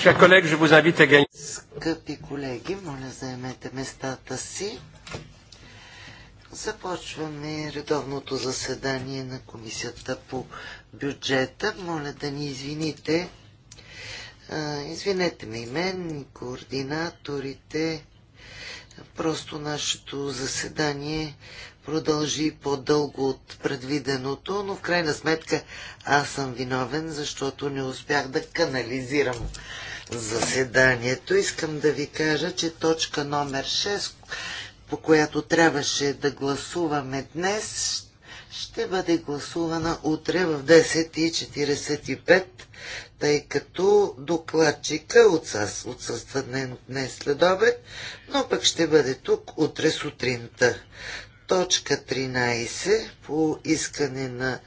Скъпи колеги, моля заемете местата си. Започваме редовното заседание на Комисията по бюджета. Моля да ни извините. Извинете ме и мен, и координаторите. Просто нашето заседание продължи по-дълго от предвиденото, но в крайна сметка аз съм виновен, защото не успях да канализирам заседанието. Искам да ви кажа, че точка номер 6, по която трябваше да гласуваме днес, ще бъде гласувана утре в 10.45, тъй като докладчика отсъства днес след обед, но пък ще бъде тук утре сутринта. Точка 13 по искане на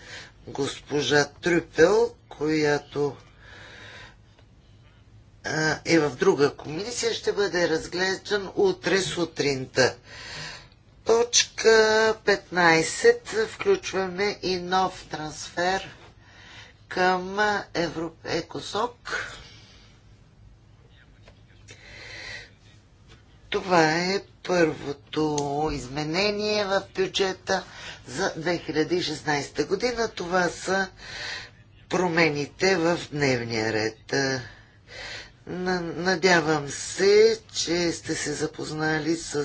госпожа Трюпел, която е в друга комисия, ще бъде разглеждан утре сутринта. Точка 15. Включваме и нов трансфер към Екосок. Това е първото изменение в бюджета за 2016 година. Това са промените в дневния ред. Надявам се, че сте се запознали с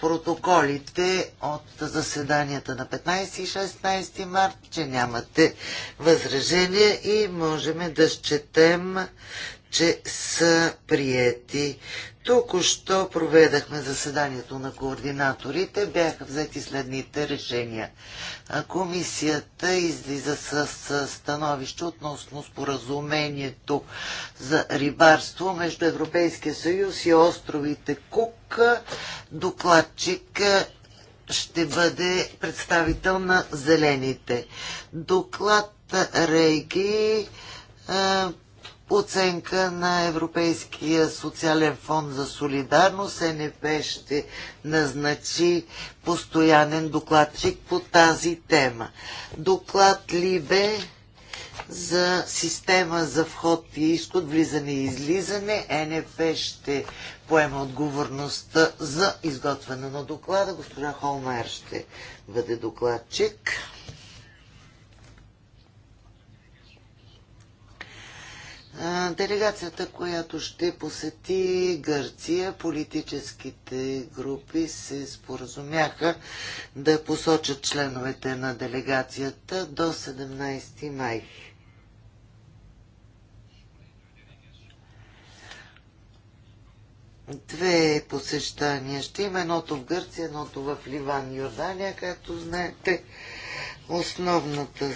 протоколите от заседанията на 15 и 16 март, че нямате възражения и можем да счетем, че са приети. Току-що проведахме заседанието на координаторите. Бяха взети следните решения. Комисията излиза с становище относно споразумението за рибарство между Европейския съюз и островите Кук. Докладчик ще бъде представител на зелените. Доклад Рейги оценка на Европейския социален фонд за солидарност. Е НФ ще назначи постоянен докладчик по тази тема. Доклад ли бе за система за вход и изход, влизане и излизане. Е НФ ще поема отговорността за изготвяне на доклада. Госпожа Холмайер ще бъде докладчик. Делегацията, която ще посети Гърция, политическите групи се споразумяха да посочат членовете на делегацията до 17 май. Две посещания ще има, едното в Гърция, едното в Ливан, и Йордания, както знаете. Основната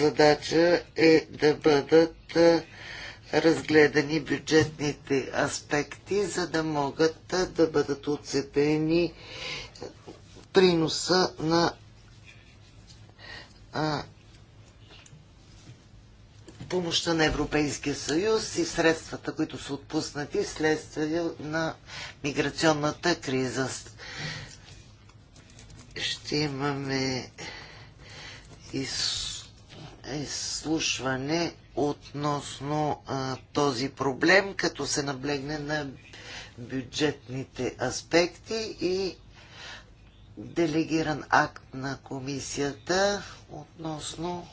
задача е да бъдат разгледани бюджетните аспекти, за да могат да бъдат оцепени приноса на а, помощта на Европейския съюз и средствата, които са отпуснати следствие на миграционната криза. Ще имаме и изслушване относно а, този проблем, като се наблегне на бюджетните аспекти и делегиран акт на комисията относно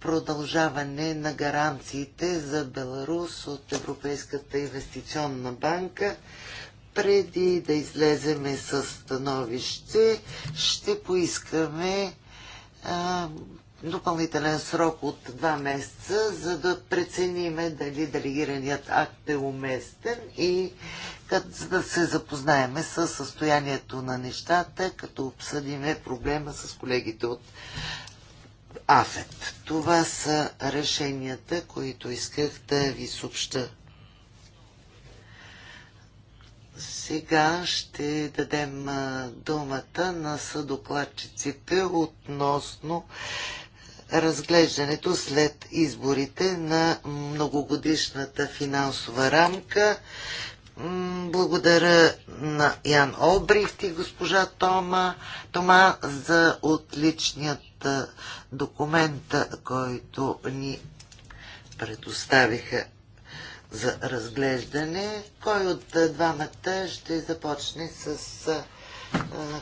продължаване на гаранциите за Беларус от Европейската инвестиционна банка. Преди да излеземе с становище, ще поискаме а, допълнителен срок от два месеца, за да прецениме дали делегираният акт е уместен и за да се запознаеме с състоянието на нещата, като обсъдиме проблема с колегите от АФЕТ. Това са решенията, които исках да ви съобща. Сега ще дадем думата на съдокладчиците относно разглеждането след изборите на многогодишната финансова рамка. Благодаря на Ян Обрихт и госпожа Тома, Тома за отличният документ, който ни предоставиха за разглеждане. Кой от двамата ще започне с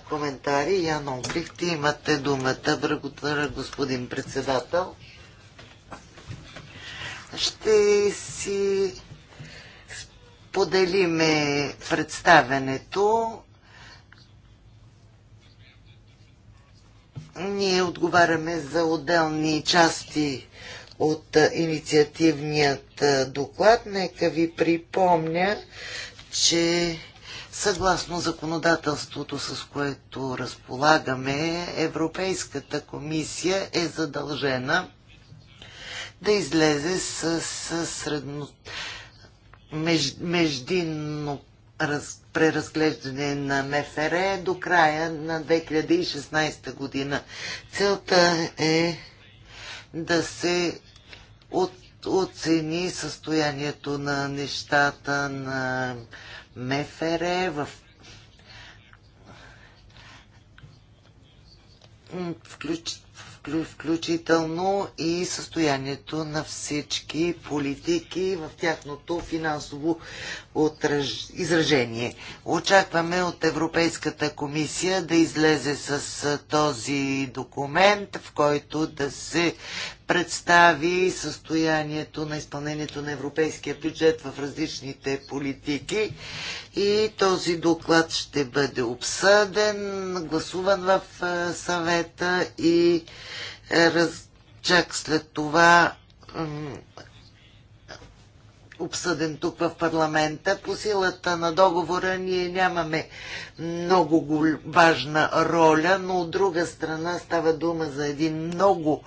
коментари. Ян Обрихте, имате думата, благодаря господин председател. Ще си поделиме представенето. Ние отговаряме за отделни части от инициативният доклад. Нека ви припомня, че Съгласно законодателството, с което разполагаме, Европейската комисия е задължена да излезе с, с средно, меж, междинно раз, преразглеждане на МФР до края на 2016 година. Целта е да се от, оцени състоянието на нещата, на МФР, в включ, включително и състоянието на всички политики в тяхното финансово отраж... изражение. Очакваме от Европейската комисия да излезе с този документ, в който да се представи състоянието на изпълнението на европейския бюджет в различните политики и този доклад ще бъде обсъден, гласуван в съвета и раз... чак след това обсъден тук в парламента. По силата на договора ние нямаме много важна роля, но от друга страна става дума за един много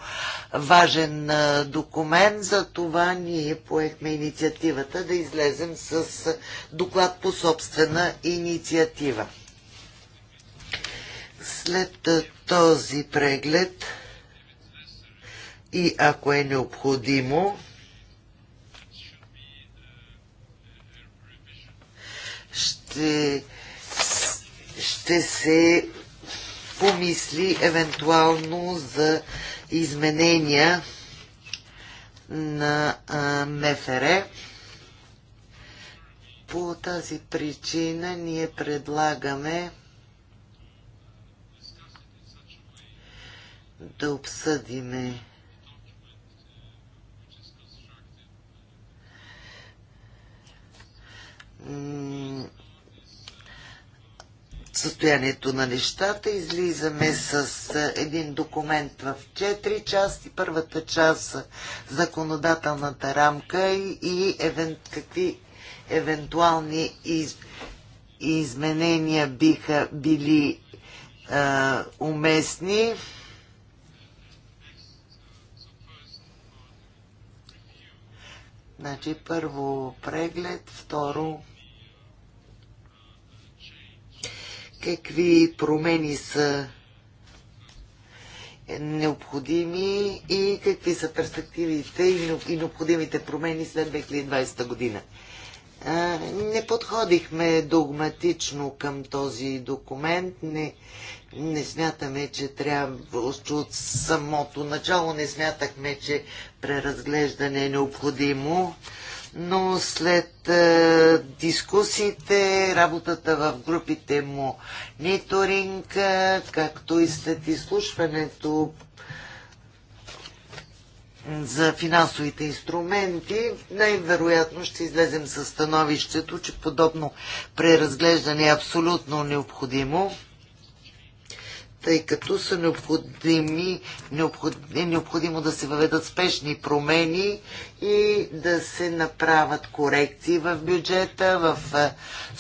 важен документ. За това ние поехме инициативата да излезем с доклад по собствена инициатива. След този преглед и ако е необходимо, ще, ще се помисли евентуално за изменения на МФР. По тази причина ние предлагаме да обсъдиме състоянието на нещата. Излизаме с един документ в 4 части. Първата част законодателната рамка и, и евен, какви евентуални из, изменения биха били е, уместни. Значи първо преглед, второ какви промени са необходими и какви са перспективите и необходимите промени след 2020 година. Не подходихме догматично към този документ, не, не смятаме, че трябва, от самото начало не смятахме, че преразглеждане е необходимо но след е, дискусиите, работата в групите му ниторинг, е, както и след изслушването за финансовите инструменти, най-вероятно ще излезем със становището, че подобно преразглеждане е абсолютно необходимо тъй като са необходими, необход, е необходимо да се въведат спешни промени и да се направят корекции в бюджета, в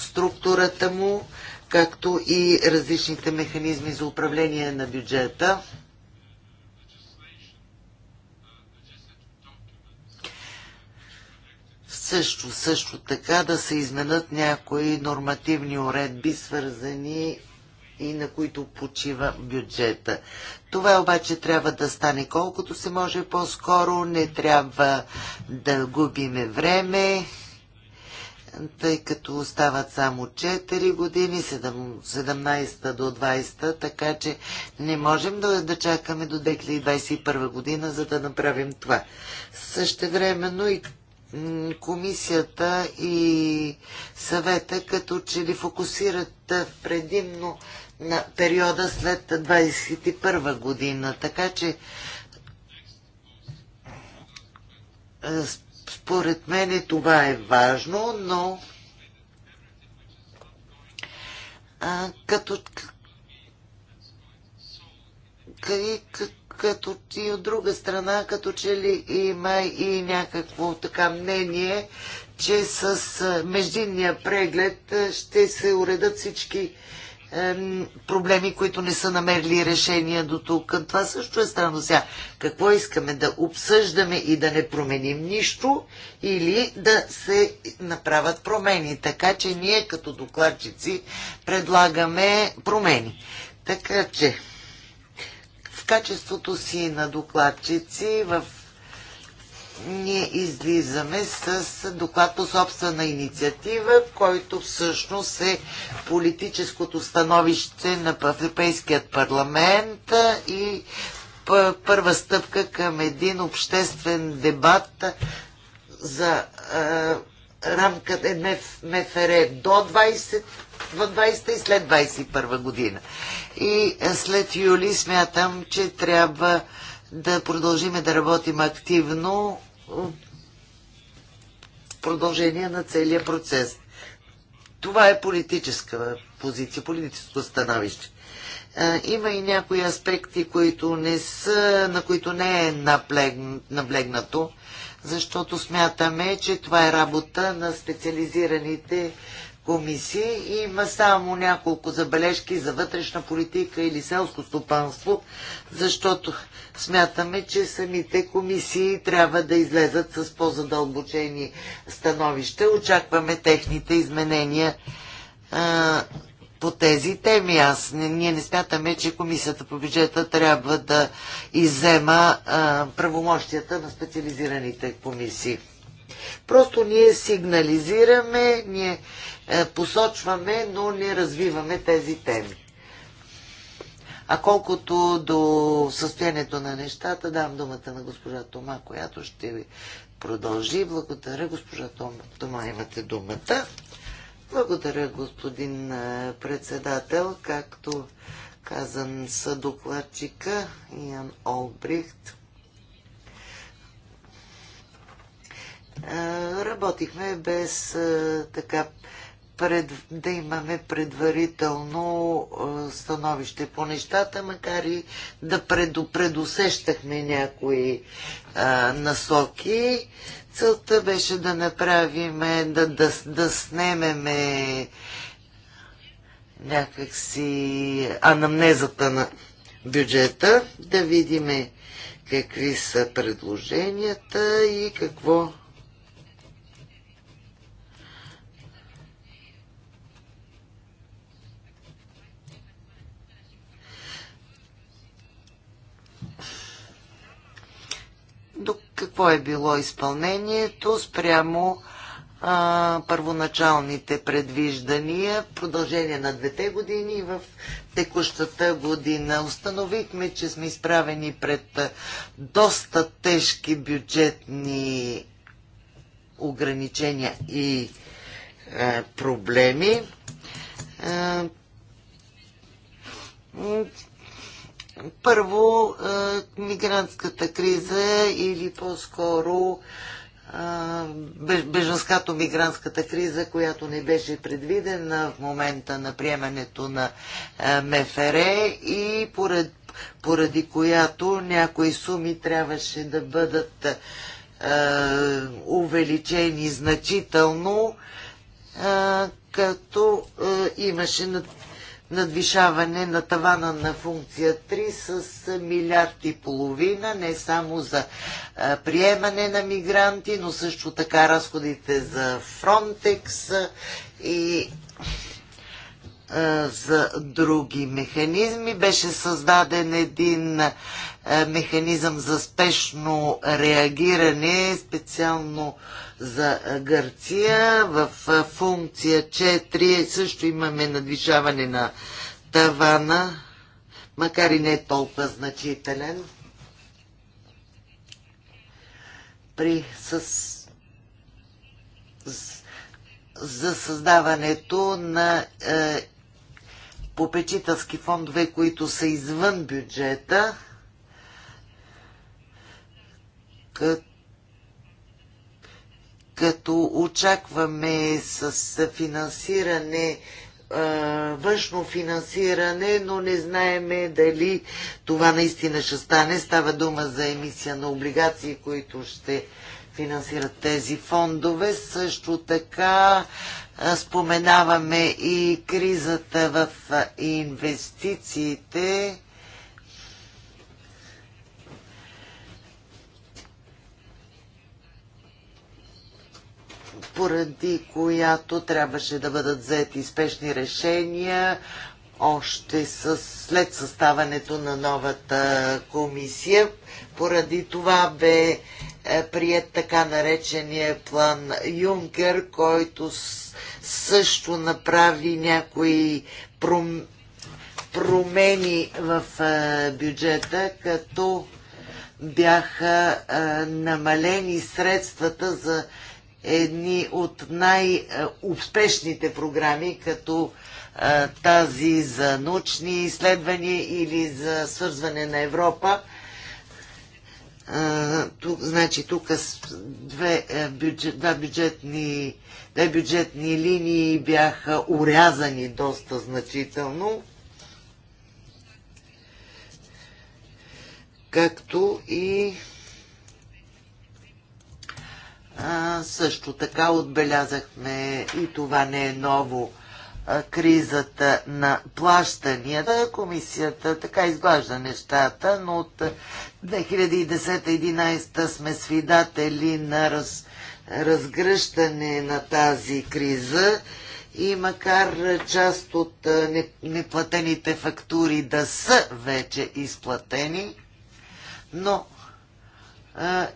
структурата му, както и различните механизми за управление на бюджета. Също, също така да се изменят някои нормативни уредби, свързани и на които почива бюджета. Това обаче трябва да стане колкото се може по-скоро, не трябва да губиме време, тъй като остават само 4 години, 17 до 20, така че не можем да, да чакаме до 2021 година, за да направим това. Същевременно и комисията и съвета като че ли фокусират предимно на периода след 21 година. Така че е, според мен е, това е важно, но а, като, като и от друга страна, като че ли има и някакво така мнение, че с междинния преглед ще се уредат всички проблеми, които не са намерили решения до тук. Това също е странно сега. Какво искаме? Да обсъждаме и да не променим нищо или да се направят промени? Така че ние като докладчици предлагаме промени. Така че в качеството си на докладчици в ние излизаме с доклад по собствена инициатива, който всъщност е политическото становище на Европейският парламент и първа стъпка към един обществен дебат за рамка е МФР до 20, 20 и след 21 година. И след юли смятам, че трябва да продължиме да работим активно продължение на целия процес. Това е политическа позиция, политическо становище. Има и някои аспекти, които не са, на които не е наблегнато, защото смятаме, че това е работа на специализираните комисии. и Има само няколко забележки за вътрешна политика или селско стопанство, защото смятаме, че самите комисии трябва да излезат с по-задълбочени становища. Очакваме техните изменения а, по тези теми. Аз не, ние не смятаме, че комисията по бюджета трябва да иззема а, правомощията на специализираните комисии. Просто ние сигнализираме, ние е, посочваме, но не развиваме тези теми. А колкото до състоянието на нещата, дам думата на госпожа Тома, която ще ви продължи. Благодаря, госпожа Тома. Тома, имате думата. Благодаря, господин е, председател. Както казан съдокладчика докладчика Ян Олбрихт, работихме без така пред, да имаме предварително становище по нещата, макар и да предупредосещахме предусещахме някои а, насоки. Целта беше да направиме, да, да, да снемеме някакси анамнезата на бюджета, да видиме какви са предложенията и какво какво е било изпълнението спрямо а, първоначалните предвиждания в продължение на двете години и в текущата година. Установихме, че сме изправени пред доста тежки бюджетни ограничения и а, проблеми. А, първо, е, мигрантската криза или по-скоро е, беженската мигрантската криза, която не беше предвидена в момента на приемането на е, МФР и поради, поради която някои суми трябваше да бъдат а, увеличени значително, а, като а, имаше надвишаване на тавана на функция 3 с милиард и половина, не само за приемане на мигранти, но също така разходите за Фронтекс и за други механизми. Беше създаден един механизъм за спешно реагиране, специално за Гърция. В функция 4 също имаме надвижаване на тавана, макар и не е толкова значителен. При с за създаването на е, попечителски фондове, които са извън бюджета, като очакваме с финансиране, външно финансиране, но не знаеме дали това наистина ще стане. Става дума за емисия на облигации, които ще финансират тези фондове. Също така Споменаваме и кризата в инвестициите. поради която трябваше да бъдат взети спешни решения още с, след съставането на новата комисия. Поради това бе е, прият така наречения план Юнкер, който също направи някои пром... промени в е, бюджета, като бяха е, намалени средствата за едни от най-успешните програми, като тази за научни изследвания или за свързване на Европа. Тук, значи, тук две, е, бюджет, да, бюджетни, две бюджетни линии бяха урязани доста значително. Както и а, също така отбелязахме и това не е ново кризата на плащанията. Комисията така изглажда нещата, но от 2010-2011 сме свидатели на раз, разгръщане на тази криза и макар част от неплатените фактури да са вече изплатени, но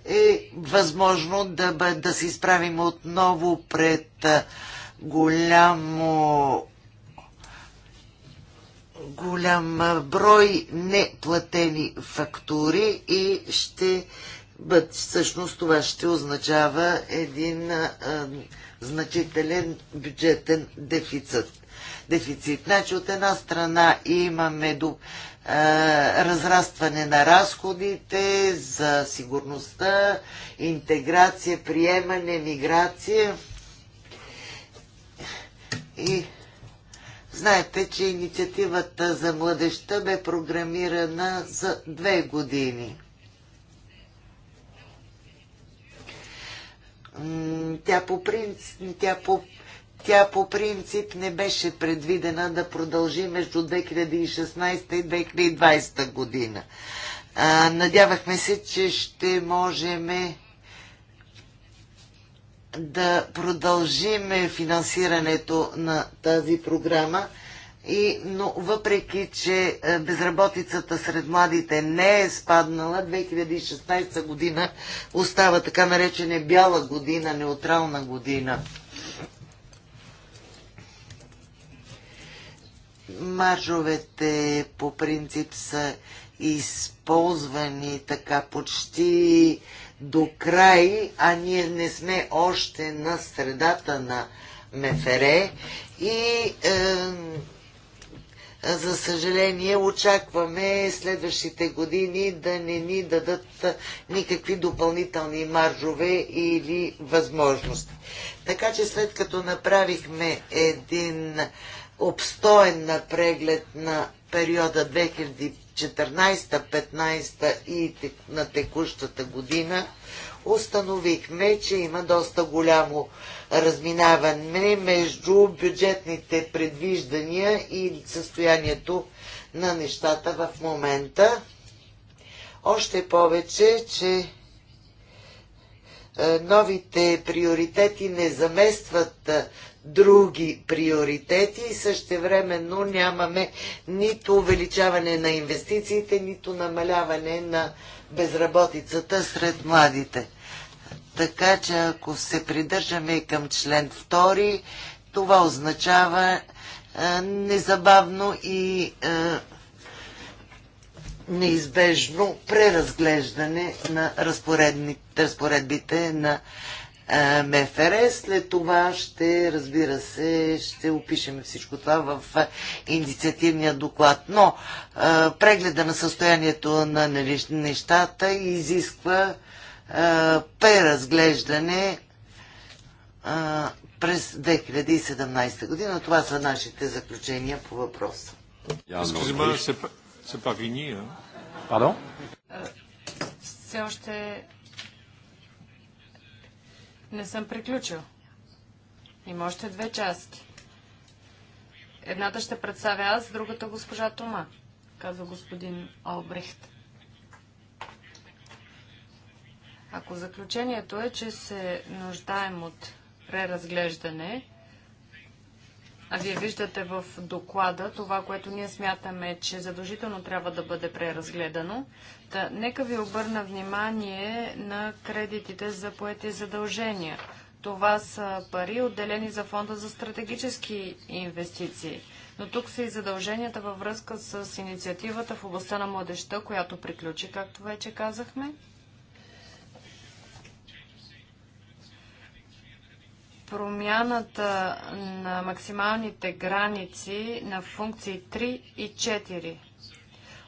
е възможно да, да се изправим отново пред голямо голям брой неплатени фактури и ще бъд, всъщност това ще означава един а, значителен бюджетен дефицит. дефицит. Значи от една страна имаме до, а, разрастване на разходите за сигурността, интеграция, приемане, миграция и знаете, че инициативата за младеща бе програмирана за две години. Тя по, принцип, тя, по, тя по принцип не беше предвидена да продължи между 2016 и 2020 година. А, надявахме се, че ще можем да продължим финансирането на тази програма. И, но въпреки, че е, безработицата сред младите не е спаднала, 2016 година остава така наречена бяла година, неутрална година. Маржовете по принцип са използвани така почти до край, а ние не сме още на средата на Мефере, и е, за съжаление очакваме следващите години да не ни дадат никакви допълнителни маржове или възможности. Така че след като направихме един обстоен преглед на периода 2005 14-15 и на текущата година, установихме, че има доста голямо разминаване между бюджетните предвиждания и състоянието на нещата в момента. Още повече, че е, новите приоритети не заместват е, други приоритети и същевременно нямаме нито увеличаване на инвестициите, нито намаляване на безработицата сред младите. Така че ако се придържаме и към член 2, това означава е, незабавно и е, неизбежно преразглеждане на разпоредбите на е, МФР. Е, след това ще, разбира се, ще опишем всичко това в е, инициативния доклад. Но прегледа на състоянието на нали, нещата изисква преразглеждане през 2017 година. Това са нашите заключения по въпроса. Excusez-moi, Pardon Все още не съм приключил. Има още две части. Едната ще представя аз, другата госпожа Тома, казва господин Олбрехт. Ако заключението е, че се нуждаем от преразглеждане, а вие виждате в доклада това, което ние смятаме, че задължително трябва да бъде преразгледано. Та, нека ви обърна внимание на кредитите за поети задължения. Това са пари, отделени за фонда за стратегически инвестиции. Но тук са и задълженията във връзка с инициативата в областта на младеща, която приключи, както вече казахме. промяната на максималните граници на функции 3 и 4.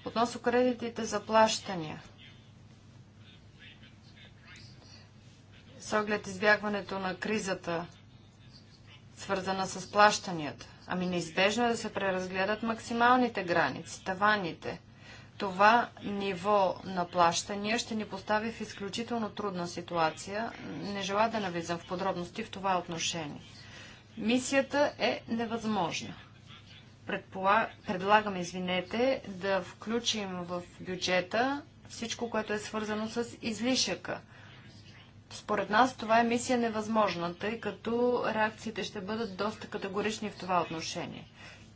Относно кредитите за плащания. С оглед избягването на кризата, свързана с плащанията. Ами неизбежно е да се преразгледат максималните граници, таваните – това ниво на плащания ще ни постави в изключително трудна ситуация. Не желая да навлизам в подробности в това отношение. Мисията е невъзможна. Предлагам, извинете, да включим в бюджета всичко, което е свързано с излишъка. Според нас това е мисия невъзможна, тъй като реакциите ще бъдат доста категорични в това отношение.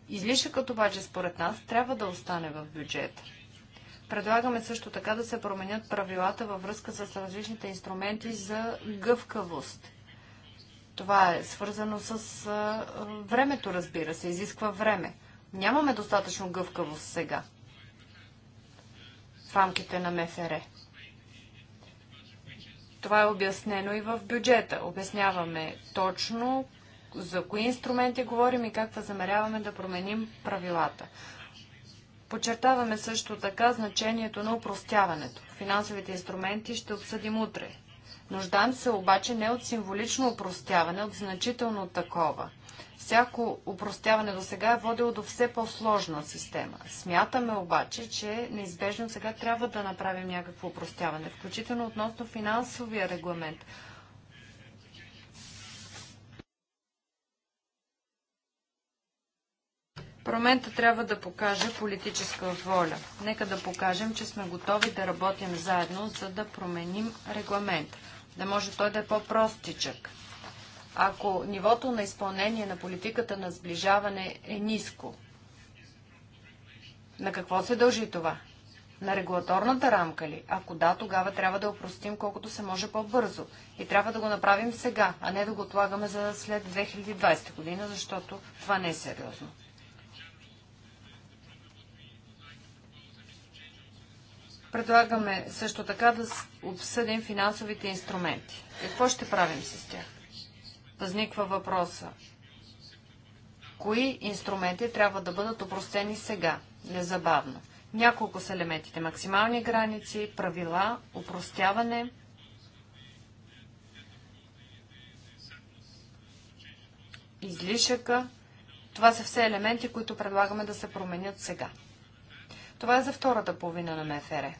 Излишъкът обаче според нас трябва да остане в бюджета. Предлагаме също така да се променят правилата във връзка с различните инструменти за гъвкавост. Това е свързано с времето, разбира се, изисква време. Нямаме достатъчно гъвкавост сега в рамките на МФР. Това е обяснено и в бюджета. Обясняваме точно за кои инструменти говорим и как да замеряваме да променим правилата. Подчертаваме също така значението на упростяването. Финансовите инструменти ще обсъдим утре. Нуждам се обаче не от символично упростяване, от значително такова. Всяко упростяване до сега е водило до все по-сложна система. Смятаме обаче, че неизбежно сега трябва да направим някакво упростяване, включително относно финансовия регламент. Промента трябва да покаже политическа воля. Нека да покажем, че сме готови да работим заедно, за да променим регламент. Да може той да е по-простичък. Ако нивото на изпълнение на политиката на сближаване е ниско, на какво се дължи това? На регулаторната рамка ли? Ако да, тогава трябва да опростим колкото се може по-бързо. И трябва да го направим сега, а не да го отлагаме за след 2020 година, защото това не е сериозно. Предлагаме също така да обсъдим финансовите инструменти. Какво ще правим с тях? Възниква въпроса. Кои инструменти трябва да бъдат опростени сега, незабавно? Няколко са елементите. Максимални граници, правила, упростяване. излишъка. Това са все елементи, които предлагаме да се променят сега. Това е за втората половина на МФР.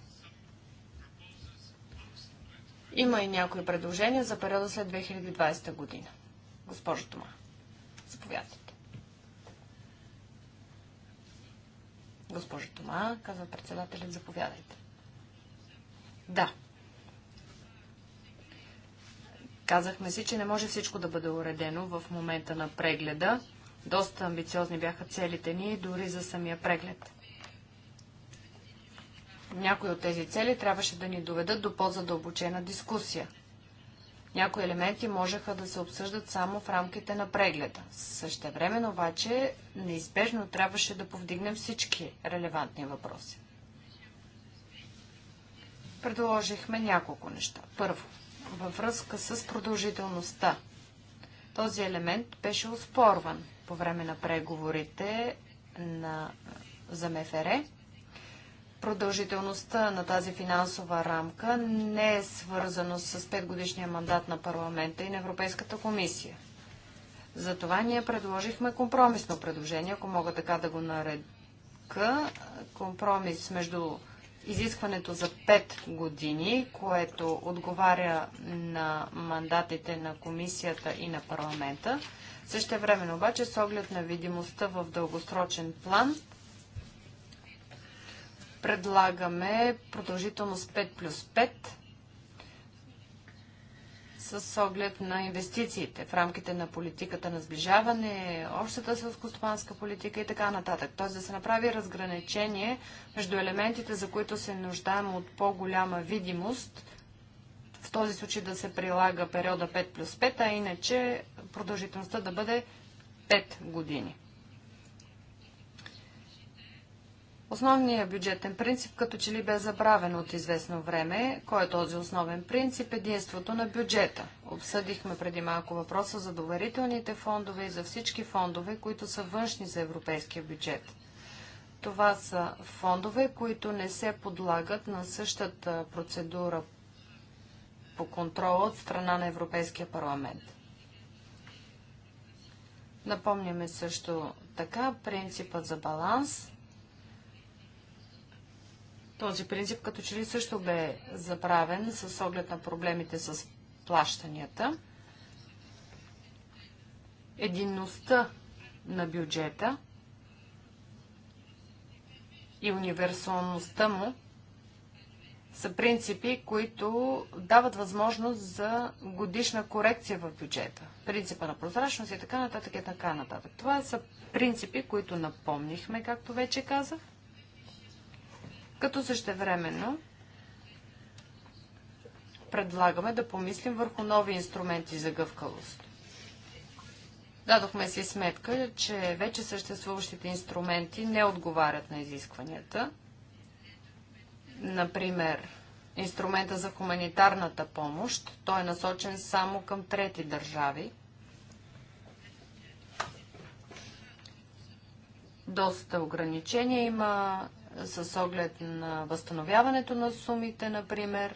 Има и някои предложения за периода след 2020 година. Госпожо Тома, заповядайте. Госпожо Тома, казва председателят, заповядайте. Да. Казахме си, че не може всичко да бъде уредено в момента на прегледа. Доста амбициозни бяха целите ни, дори за самия преглед. Някои от тези цели трябваше да ни доведат до по-задълбочена дискусия. Някои елементи можеха да се обсъждат само в рамките на прегледа. Същевременно обаче неизбежно трябваше да повдигнем всички релевантни въпроси. Предложихме няколко неща. Първо, във връзка с продължителността. Този елемент беше оспорван по време на преговорите на за МФР продължителността на тази финансова рамка не е свързано с 5-годишния мандат на парламента и на Европейската комисия. Затова ние предложихме компромисно предложение, ако мога така да го наредка. Компромис между изискването за 5 години, което отговаря на мандатите на комисията и на парламента. Също време обаче, с оглед на видимостта в дългосрочен план, предлагаме продължителност 5 плюс 5 с оглед на инвестициите в рамките на политиката на сближаване, общата селскостопанска политика и така нататък. Т.е. да се направи разграничение между елементите, за които се нуждаем от по-голяма видимост, в този случай да се прилага периода 5 плюс 5, а иначе продължителността да бъде 5 години. Основният бюджетен принцип като че ли бе забравен от известно време. Кой е този основен принцип? единството на бюджета. Обсъдихме преди малко въпроса за доверителните фондове и за всички фондове, които са външни за европейския бюджет. Това са фондове, които не се подлагат на същата процедура по контрола от страна на Европейския парламент. Напомняме също така принципът за баланс – този принцип като че ли също бе заправен с оглед на проблемите с плащанията. Единността на бюджета и универсалността му са принципи, които дават възможност за годишна корекция в бюджета. Принципа на прозрачност и така нататък и така нататък. Това са принципи, които напомнихме, както вече казах като същевременно предлагаме да помислим върху нови инструменти за гъвкавост. Дадохме си сметка, че вече съществуващите инструменти не отговарят на изискванията. Например, инструмента за хуманитарната помощ, той е насочен само към трети държави. Доста ограничения има с оглед на възстановяването на сумите, например.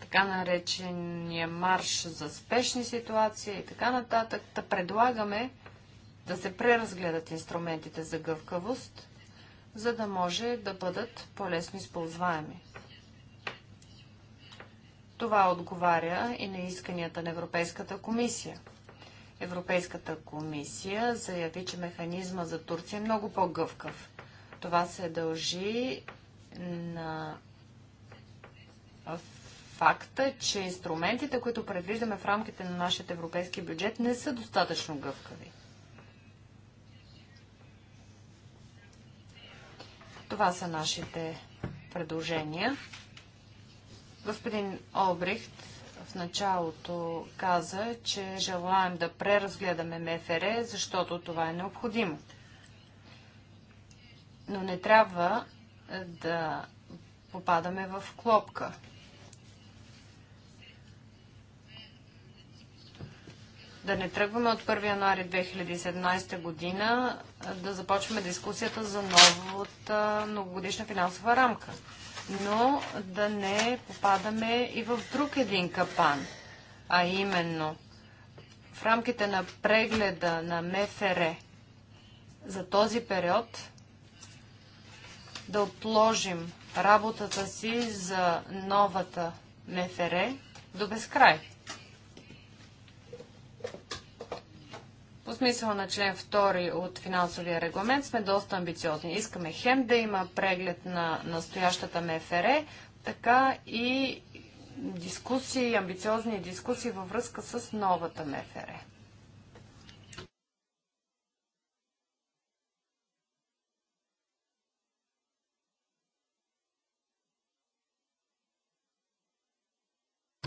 Така наречения марш за спешни ситуации и така нататък. Та предлагаме да се преразгледат инструментите за гъвкавост, за да може да бъдат по-лесно използваеми. Това отговаря и на исканията на Европейската комисия – Европейската комисия заяви, че механизма за Турция е много по-гъвкав. Това се дължи на факта, че инструментите, които предвиждаме в рамките на нашия европейски бюджет, не са достатъчно гъвкави. Това са нашите предложения. Господин Обрихт в началото каза, че желаем да преразгледаме МФР, защото това е необходимо. Но не трябва е, да попадаме в клопка. Да не тръгваме от 1 януари 2017 година е, да започваме дискусията за новата многогодишна финансова рамка но да не попадаме и в друг един капан, а именно в рамките на прегледа на МФР за този период да отложим работата си за новата МФР до безкрай. по смисъла на член 2 от финансовия регламент сме доста амбициозни. Искаме хем да има преглед на настоящата МФР, така и дискусии, амбициозни дискусии във връзка с новата МФР.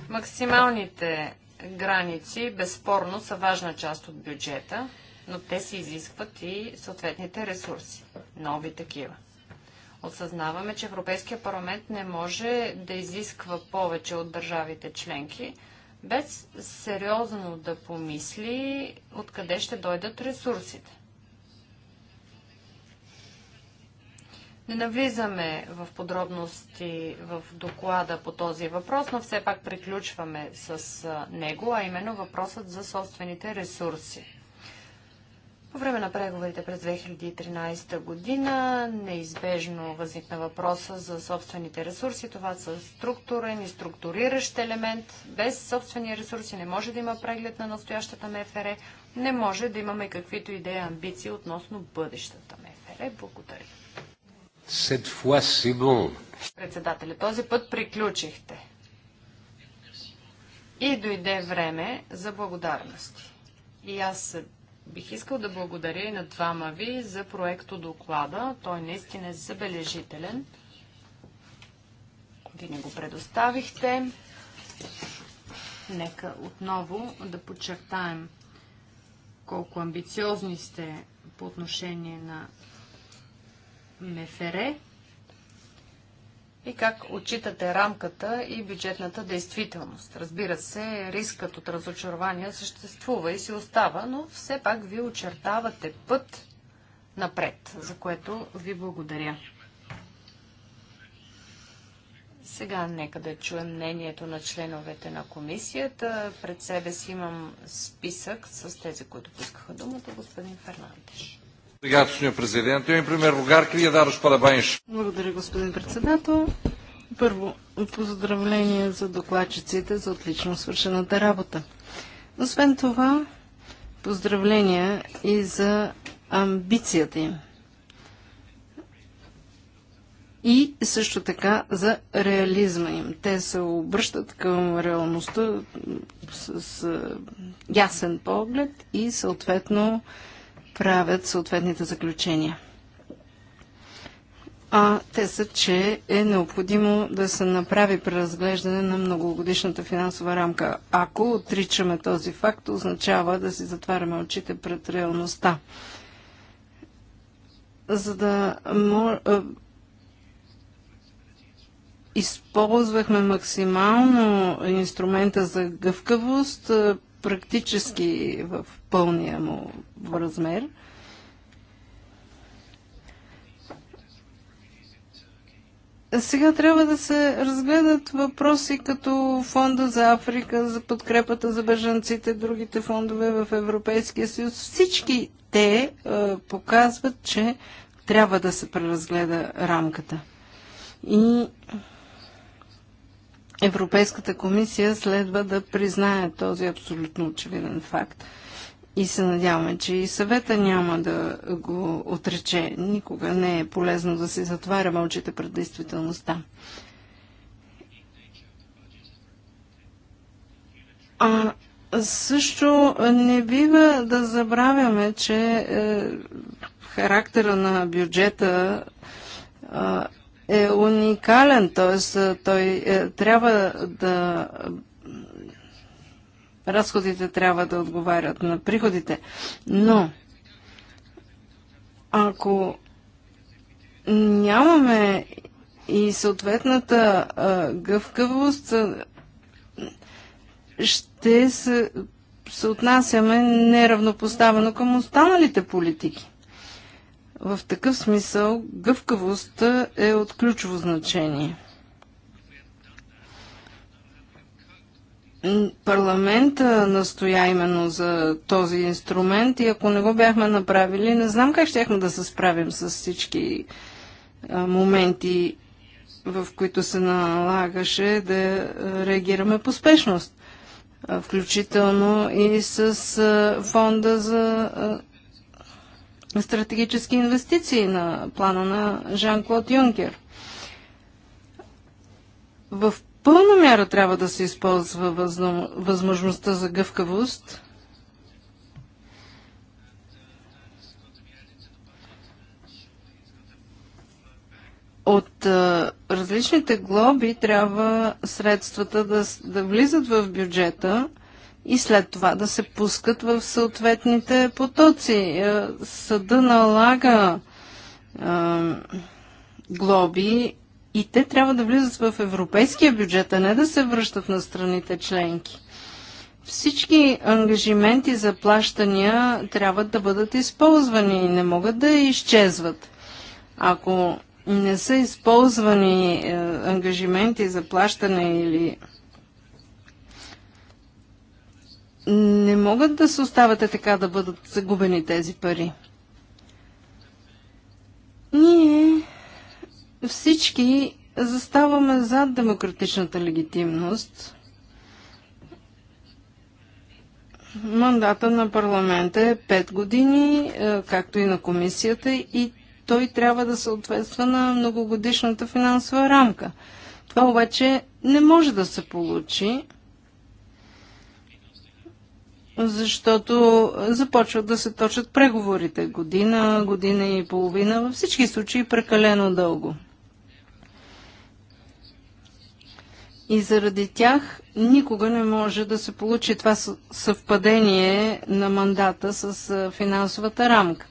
Максималните граници безспорно са важна част от бюджета, но те се изискват и съответните ресурси, нови такива. Осъзнаваме, че Европейския парламент не може да изисква повече от държавите членки, без сериозно да помисли откъде ще дойдат ресурсите. Не навлизаме в подробности в доклада по този въпрос, но все пак приключваме с него, а именно въпросът за собствените ресурси. По време на преговорите през 2013 година неизбежно възникна въпроса за собствените ресурси. Това са структурен и структуриращ елемент. Без собствени ресурси не може да има преглед на настоящата МФР, не може да имаме каквито идеи е амбиции относно бъдещата МФР. Благодаря. Cette fois, c'est bon. Председателя, този път приключихте. И дойде време за благодарности. И аз бих искал да благодаря и на двама ви за проекто доклада. Той наистина е забележителен. Вие не го предоставихте. Нека отново да подчертаем колко амбициозни сте по отношение на МФР и как отчитате рамката и бюджетната действителност. Разбира се, рискът от разочарование съществува и си остава, но все пак ви очертавате път напред, за което ви благодаря. Сега нека да чуем мнението на членовете на комисията. Пред себе си имам списък с тези, които поискаха думата. Господин Фернандеш. Obrigado, Sr. Presidente. Eu, em primeiro lugar, queria dar os parabéns. Благодаря, господин председател. Първо, поздравление за докладчиците за отлично свършената работа. Освен това, поздравления и за амбицията им. И също така за реализма им. Те се обръщат към реалността с, с ясен поглед и съответно правят съответните заключения. А те са, че е необходимо да се направи преразглеждане на многогодишната финансова рамка. Ако отричаме този факт, означава да си затваряме очите пред реалността. За да използвахме максимално инструмента за гъвкавост, практически в пълния му размер. Сега трябва да се разгледат въпроси като фонда за Африка, за подкрепата за бежанците, другите фондове в Европейския съюз. Всички те е, показват, че трябва да се преразгледа рамката. И Европейската комисия следва да признае този абсолютно очевиден факт. И се надяваме, че и съвета няма да го отрече. Никога не е полезно да се затваря мълчите пред действителността. А също не бива да забравяме, че е, характера на бюджета е, е уникален, т.е. той е, трябва да разходите трябва да отговарят на приходите. Но ако нямаме и съответната а, гъвкавост, ще се, се отнасяме неравнопоставено към останалите политики. В такъв смисъл гъвкавостта е от ключово значение. Парламента настоя именно за този инструмент и ако не го бяхме направили, не знам как щяхме да се справим с всички моменти, в които се налагаше да реагираме по спешност. Включително и с фонда за стратегически инвестиции на плана на Жан-Клод Юнкер. В пълна мяра трябва да се използва възможността за гъвкавост. От а, различните глоби трябва средствата да, да влизат в бюджета и след това да се пускат в съответните потоци. Съда налага а, глоби и те трябва да влизат в европейския бюджет, а не да се връщат на страните членки. Всички ангажименти за плащания трябва да бъдат използвани и не могат да изчезват. Ако не са използвани е, ангажименти за плащане или не могат да се оставате така да бъдат загубени тези пари. Ние всички заставаме зад демократичната легитимност. Мандата на парламента е 5 години, е, както и на комисията, и той трябва да съответства на многогодишната финансова рамка. Това обаче не може да се получи, защото започват да се точат преговорите година, година и половина, във всички случаи прекалено дълго. И заради тях никога не може да се получи това съвпадение на мандата с финансовата рамка.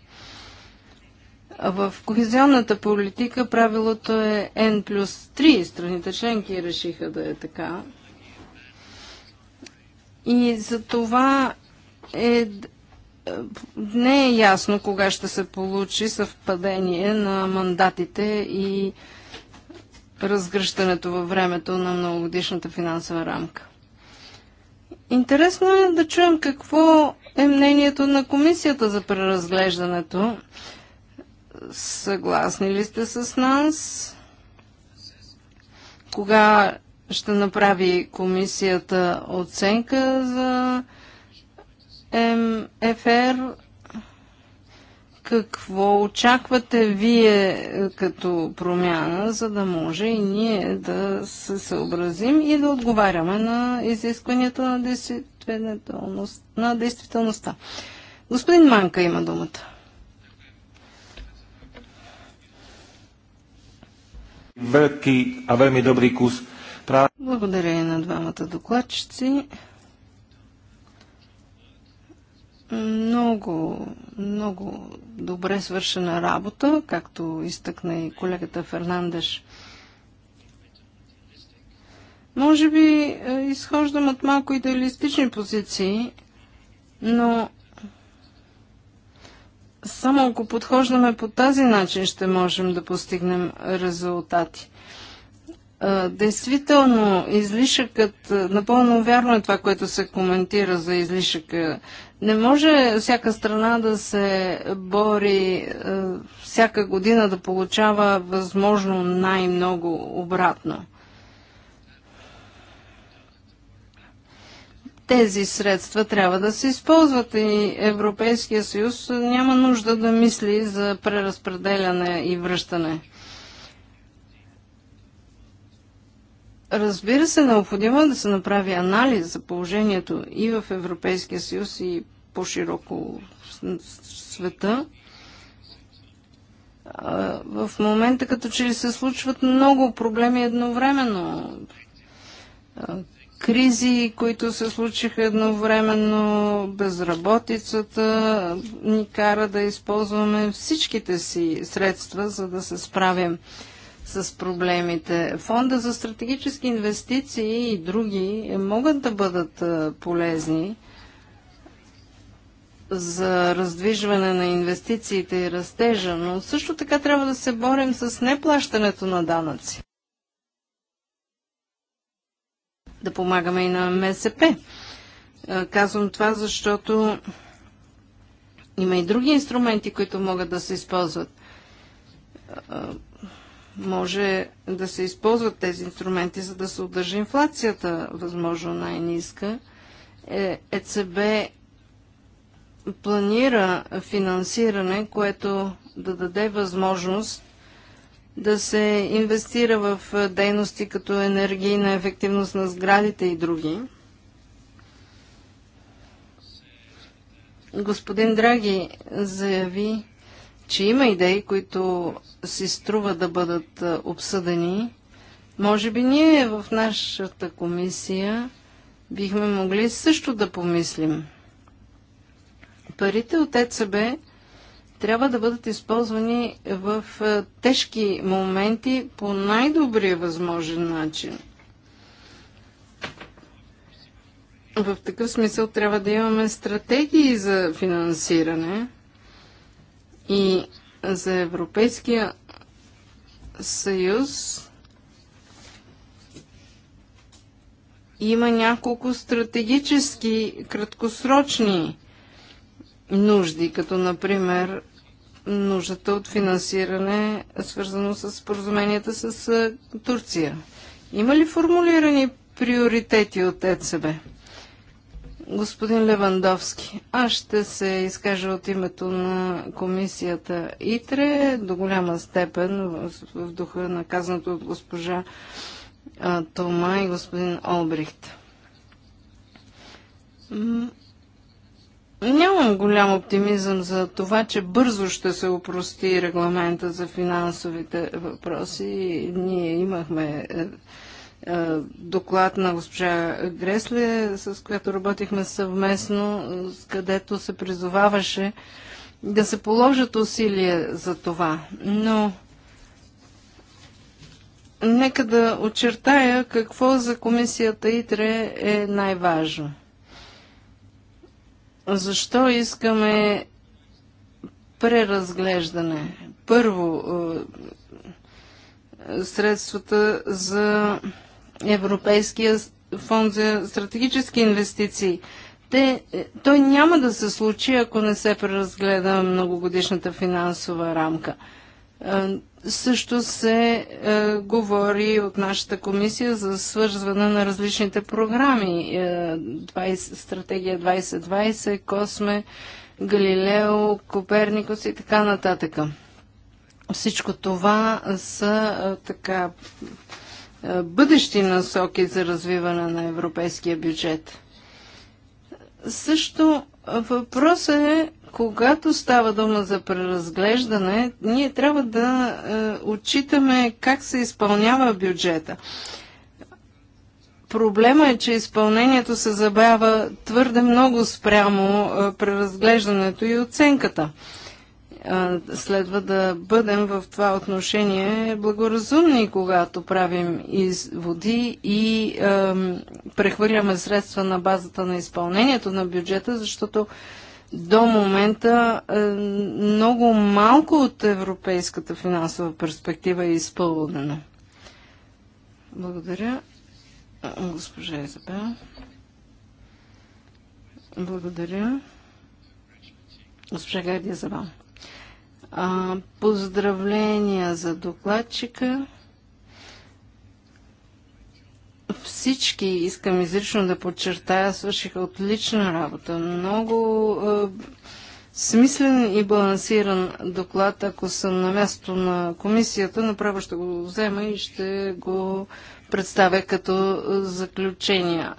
В кохезионната политика правилото е N плюс 3. Страните членки решиха да е така. И за това е, е, не е ясно кога ще се получи съвпадение на мандатите и разгръщането във времето на многогодишната финансова рамка. Интересно е да чуем какво е мнението на комисията за преразглеждането. Съгласни ли сте с нас? Кога ще направи комисията оценка за МФР? какво очаквате вие е, като промяна, за да може и ние да се съобразим и да отговаряме на изискванията на, действителност, на действителността. Господин Манка има думата. Велики, а веми добри кус. Благодаря и на двамата докладчици. Много, много добре свършена работа, както изтъкна и колегата Фернандеш. Може би е, изхождам от малко идеалистични позиции, но само ако подхождаме по тази начин, ще можем да постигнем резултати. Действително, излишъкът, напълно вярно е това, което се коментира за излишъка. Не може всяка страна да се бори всяка година да получава възможно най-много обратно. тези средства трябва да се използват и Европейския съюз няма нужда да мисли за преразпределяне и връщане. Разбира се, необходимо е да се направи анализ за положението и в Европейския съюз, и по-широко в света. В момента като че ли се случват много проблеми едновременно. Кризи, които се случиха едновременно, безработицата ни кара да използваме всичките си средства, за да се справим с проблемите. Фонда за стратегически инвестиции и други могат да бъдат полезни за раздвижване на инвестициите и растежа, но също така трябва да се борим с неплащането на данъци. Да помагаме и на МСП. Казвам това, защото има и други инструменти, които могат да се използват може да се използват тези инструменти, за да се удържи инфлацията възможно най-ниска. ЕЦБ планира финансиране, което да даде възможност да се инвестира в дейности като енергийна ефективност на сградите и други. Господин Драги заяви, че има идеи, които си струва да бъдат обсъдени. Може би ние в нашата комисия бихме могли също да помислим. Парите от ЕЦБ трябва да бъдат използвани в тежки моменти по най-добрия възможен начин. В такъв смисъл трябва да имаме стратегии за финансиране – и за Европейския съюз има няколко стратегически краткосрочни нужди, като например нуждата от финансиране, свързано с споразуменията с Турция. Има ли формулирани приоритети от ЕЦБ? Господин Левандовски, аз ще се изкажа от името на комисията ИТРЕ до голяма степен в, в духа на казаното от госпожа а, Тома и господин Олбрихт. Нямам голям оптимизъм за това, че бързо ще се опрости регламента за финансовите въпроси. Ние имахме е, е, доклад на госпожа Гресле, с която работихме съвместно, където се призоваваше да се положат усилия за това. Но нека да очертая какво за комисията ИТРЕ е най-важно. Защо искаме преразглеждане? Първо, е, средствата за Европейския фонд за стратегически инвестиции. Те, е, той няма да се случи, ако не се преразгледа многогодишната финансова рамка. Е, също се е, говори от нашата комисия за свързване на различните програми. Е, 20, стратегия 2020, Косме, Галилео, Коперникос и така нататък. Всичко това са е, така е, бъдещи насоки за развиване на европейския бюджет. Също въпросът е, когато става дума за преразглеждане, ние трябва да е, отчитаме как се изпълнява бюджета. Проблема е, че изпълнението се забавя твърде много спрямо е, преразглеждането и оценката следва да бъдем в това отношение благоразумни, когато правим изводи и прехвърляме средства на базата на изпълнението на бюджета, защото до момента е, много малко от европейската финансова перспектива е изпълнено. Благодаря, госпожа Изабел. Благодаря. Госпожа Гардия Забан. А, поздравления за докладчика. Всички, искам изрично да подчертая, свършиха отлична работа. Много е, смислен и балансиран доклад. Ако съм на място на комисията, направо ще го взема и ще го представя като заключения.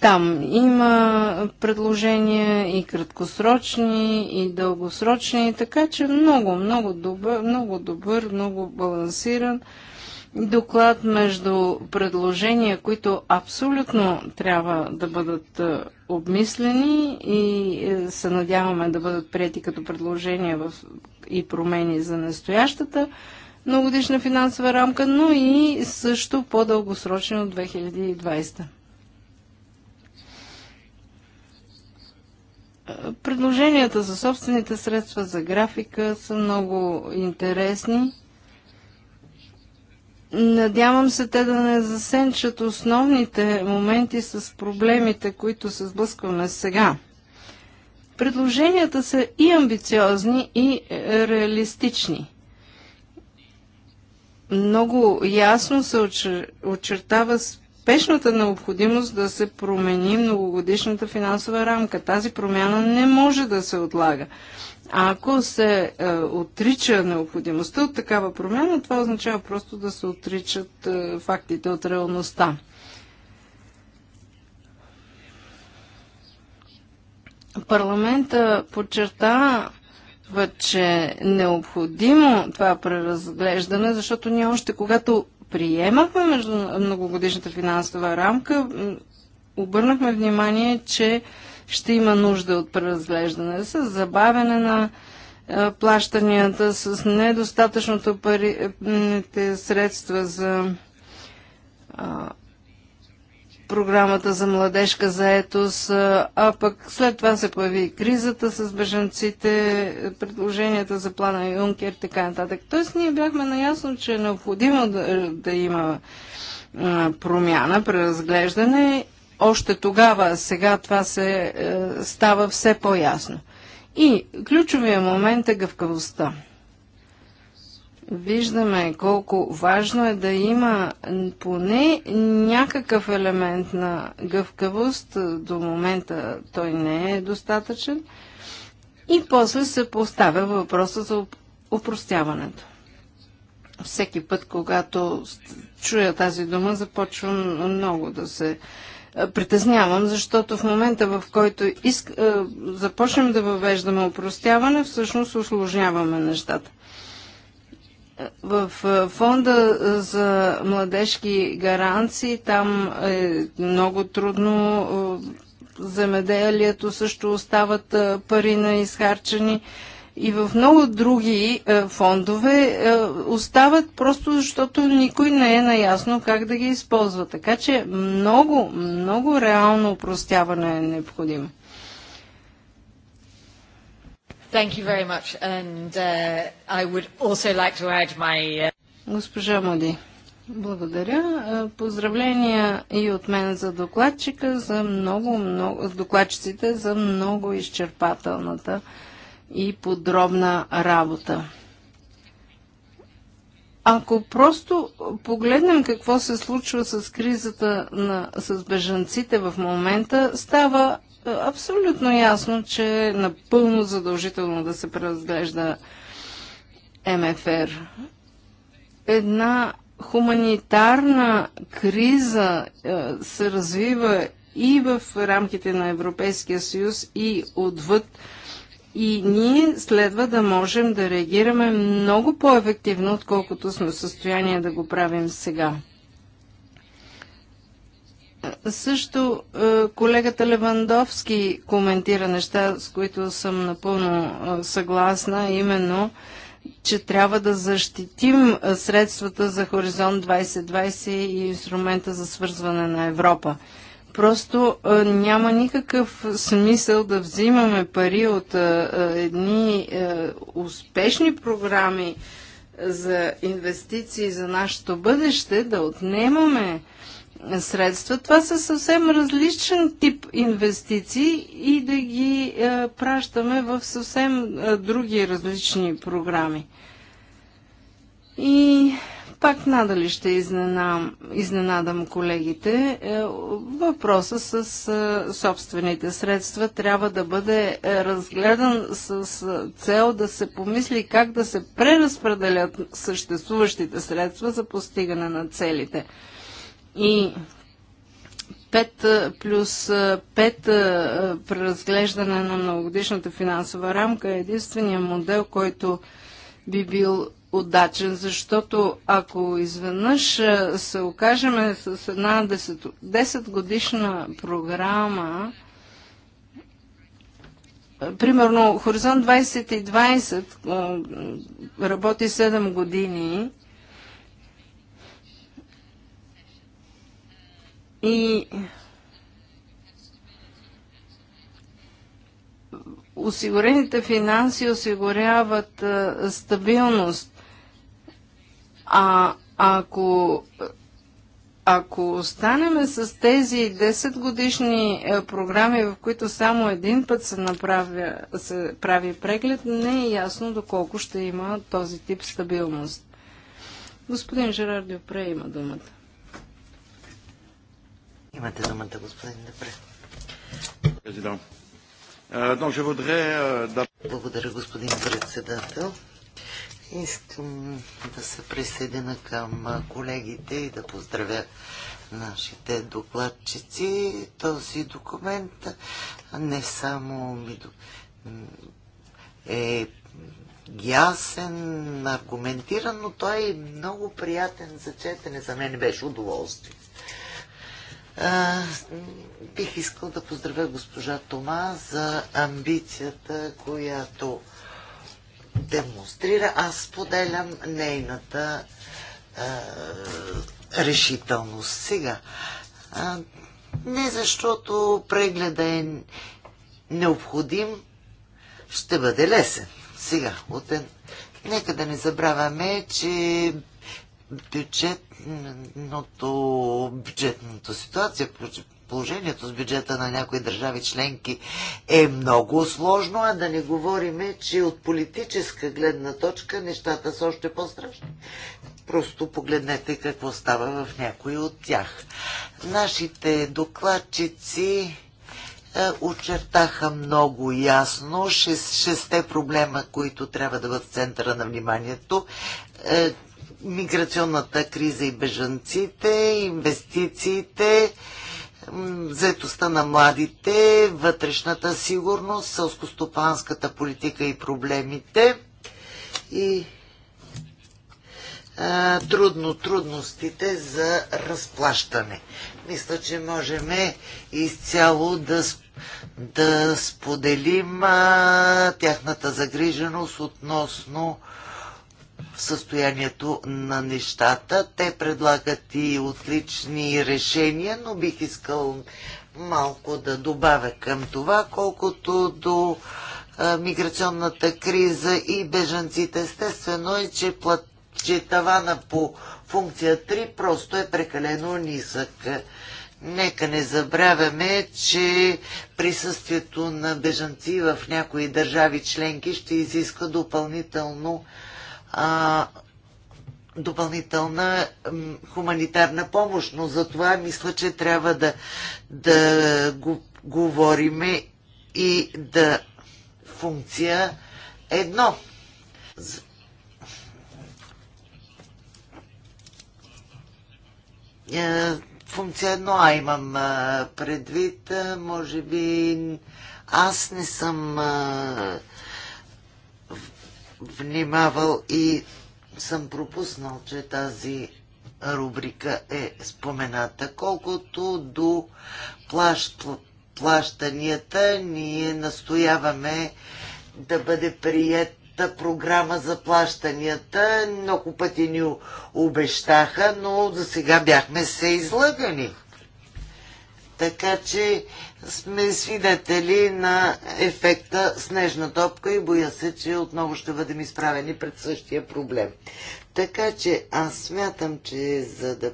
Там има предложения и краткосрочни, и дългосрочни, така че много, много добър, много, добър, много балансиран доклад между предложения, които абсолютно трябва да бъдат обмислени и е, се надяваме да бъдат прияти като предложения в, и промени за настоящата многодишна финансова рамка, но и също по дългосрочни от 2020. Предложенията за собствените средства за графика са много интересни. Надявам се те да не засенчат основните моменти с проблемите, които се сблъскваме сега. Предложенията са и амбициозни, и реалистични. Много ясно се очертава спешната необходимост да се промени многогодишната финансова рамка. Тази промяна не може да се отлага. А ако се е, отрича необходимостта от такава промяна, това означава просто да се отричат е, фактите от реалността. Парламента подчерта че е необходимо това преразглеждане, защото ние още когато приемахме многогодишната финансова рамка, обърнахме внимание, че ще има нужда от преразглеждане с забавяне на плащанията, с недостатъчното пари, средства за програмата за младежка заетост, а пък след това се появи кризата с бежанците, предложенията за плана Юнкер, така нататък. Тоест ние бяхме наясно, че е необходимо да, да има промяна, преразглеждане. Още тогава, сега това се е, става все по-ясно. И ключовия момент е гъвкавостта виждаме колко важно е да има поне някакъв елемент на гъвкавост. До момента той не е достатъчен. И после се поставя въпроса за упростяването. Всеки път, когато чуя тази дума, започвам много да се притеснявам, защото в момента, в който иск, започнем да въвеждаме упростяване, всъщност осложняваме нещата. В фонда за младежки гаранции там е много трудно. Замеделието също остават пари на изхарчени. И в много други фондове остават просто защото никой не е наясно как да ги използва. Така че много, много реално упростяване е необходимо. Thank you very much. And uh, I would also like to add my... Uh, Госпожа Моди, благодаря. Е, поздравления и от мен за докладчика, за много, много, докладчиците за много изчерпателната и подробна работа. Ако просто погледнем какво се случва с кризата на, с бежанците в момента, става абсолютно ясно, че е напълно задължително да се преразглежда МФР. Една хуманитарна криза е, се развива и в рамките на Европейския съюз и отвъд. И ние следва да можем да реагираме много по-ефективно, отколкото сме в състояние да го правим сега. Също е, колегата Левандовски коментира неща, с които съм напълно е, съгласна, именно че трябва да защитим е, средствата за Хоризонт 2020 и инструмента за свързване на Европа. Просто няма никакъв смисъл да взимаме пари от едни успешни програми за инвестиции за нашето бъдеще, да отнемаме средства. Това са съвсем различен тип инвестиции и да ги е, пращаме в съвсем е, други различни програми. И пак надали ще изненам, изненадам колегите. Е, въпроса с е, собствените средства трябва да бъде е, разгледан с, с е, цел да се помисли как да се преразпределят съществуващите средства за постигане на целите. И 5 плюс 5 преразглеждане на многогодишната финансова рамка е единствения модел, който би бил удачен, защото ако изведнъж се окажеме с една 10, годишна програма, примерно Хоризонт 2020 работи 7 години, и осигурените финанси осигуряват стабилност. А ако ако останеме с тези 10 годишни е, програми, в които само един път се, направя, се прави преглед, не е ясно доколко ще има този тип стабилност. Господин Жерар Дюпре има думата. Имате думата, господин Депре. Президент. Е, е, Благодаря, господин председател. Искам да се присъедина към е, колегите и да поздравя нашите докладчици. Този документ не само ми е ясен, аргументиран, но той е много приятен за четене. За мен беше удоволствие бих искал да поздравя госпожа Тома за амбицията, която демонстрира. Аз споделям нейната а, решителност. Сега, а, не защото прегледа е необходим, ще бъде лесен. Сега, от Нека да не забравяме, че бюджетното, бюджетната ситуация, положението с бюджета на някои държави членки е много сложно, а да не говорим, че от политическа гледна точка нещата са още по-страшни. Просто погледнете какво става в някои от тях. Нашите докладчици е, очертаха много ясно шесте проблема, които трябва да бъдат в центъра на вниманието. Е, миграционната криза и бежанците, инвестициите, заетостта на младите, вътрешната сигурност, сълскостопанската политика и проблемите и а, трудно, трудностите за разплащане. Мисля, че можем изцяло да, да споделим а, тяхната загриженост относно състоянието на нещата. Те предлагат и отлични решения, но бих искал малко да добавя към това, колкото до а, миграционната криза и бежанците. Естествено е, че, плат, че тавана по функция 3 просто е прекалено нисък. Нека не забравяме, че присъствието на бежанци в някои държави членки ще изиска допълнително а, допълнителна хуманитарна помощ, но за това мисля, че трябва да, да го, говориме и да функция едно. Е, функция едно, а имам предвид, може би аз не съм внимавал и съм пропуснал, че тази рубрика е спомената. Колкото до плащ, плащанията, ние настояваме да бъде приета програма за плащанията. Много пъти ни обещаха, но за сега бяхме се излъгани. Така че сме свидетели на ефекта снежна топка и боя се, че отново ще бъдем изправени пред същия проблем. Така че аз смятам, че за да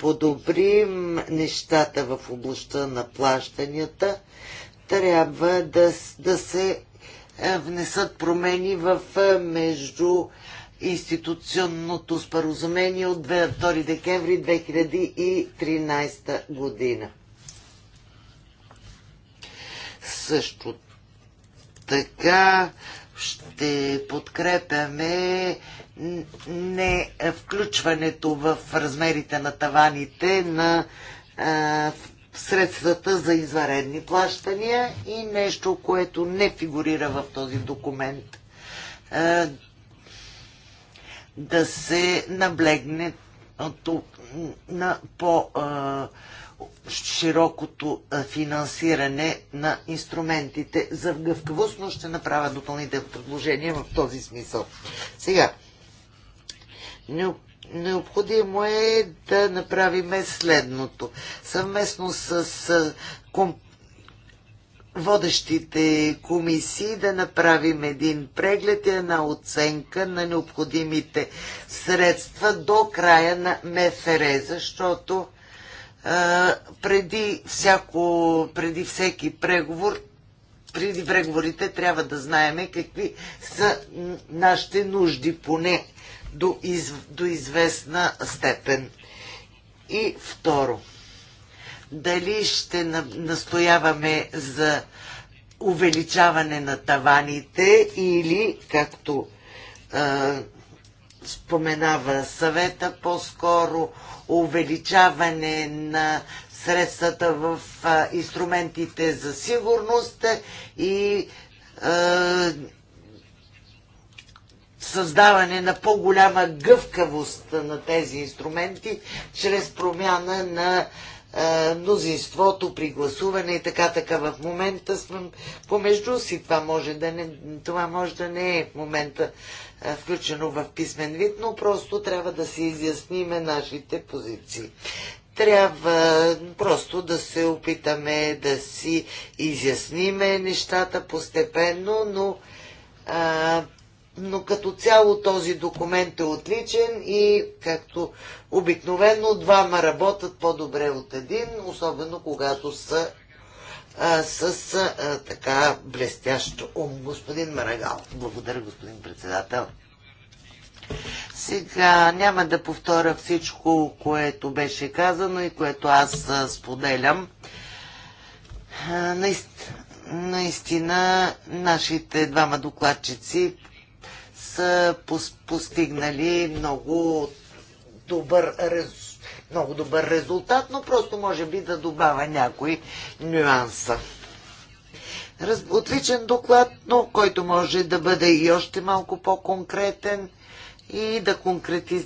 подобрим нещата в областта на плащанията, трябва да, да се е, внесат промени в е, между институционното споразумение от 2 декември 2013 година. Също така ще подкрепяме не включването в размерите на таваните на а, средствата за изваредни плащания и нещо, което не фигурира в този документ. А, да се наблегне на по- а, широкото финансиране на инструментите за гъвкавост, но ще направя допълнителни предложения в този смисъл. Сега, необходимо е да направим следното. Съвместно с комп водещите комисии да направим един преглед и една оценка на необходимите средства до края на МФР, защото преди, всяко, преди всеки преговор, преди преговорите трябва да знаеме какви са нашите нужди, поне до, из, до известна степен. И второ, дали ще настояваме за увеличаване на таваните или, както споменава съвета, по-скоро увеличаване на средствата в инструментите за сигурност и създаване на по-голяма гъвкавост на тези инструменти чрез промяна на е, мнозинството при гласуване и така така. В момента сме помежду си. Това може да не, това може да не е в момента е, включено в писмен вид, но просто трябва да си изясниме нашите позиции. Трябва просто да се опитаме да си изясниме нещата постепенно, но а, е, но като цяло този документ е отличен и, както обикновено, двама работят по-добре от един, особено когато са с а, така блестящ ум. Господин Марагал. Благодаря, господин председател. Сега няма да повторя всичко, което беше казано и което аз а, споделям. А, наистина, наистина, нашите двама докладчици са постигнали много добър, рез, много добър резултат, но просто може би да добавя някои нюанса. Раз, отличен доклад, но който може да бъде и още малко по-конкретен и да, конкретиз,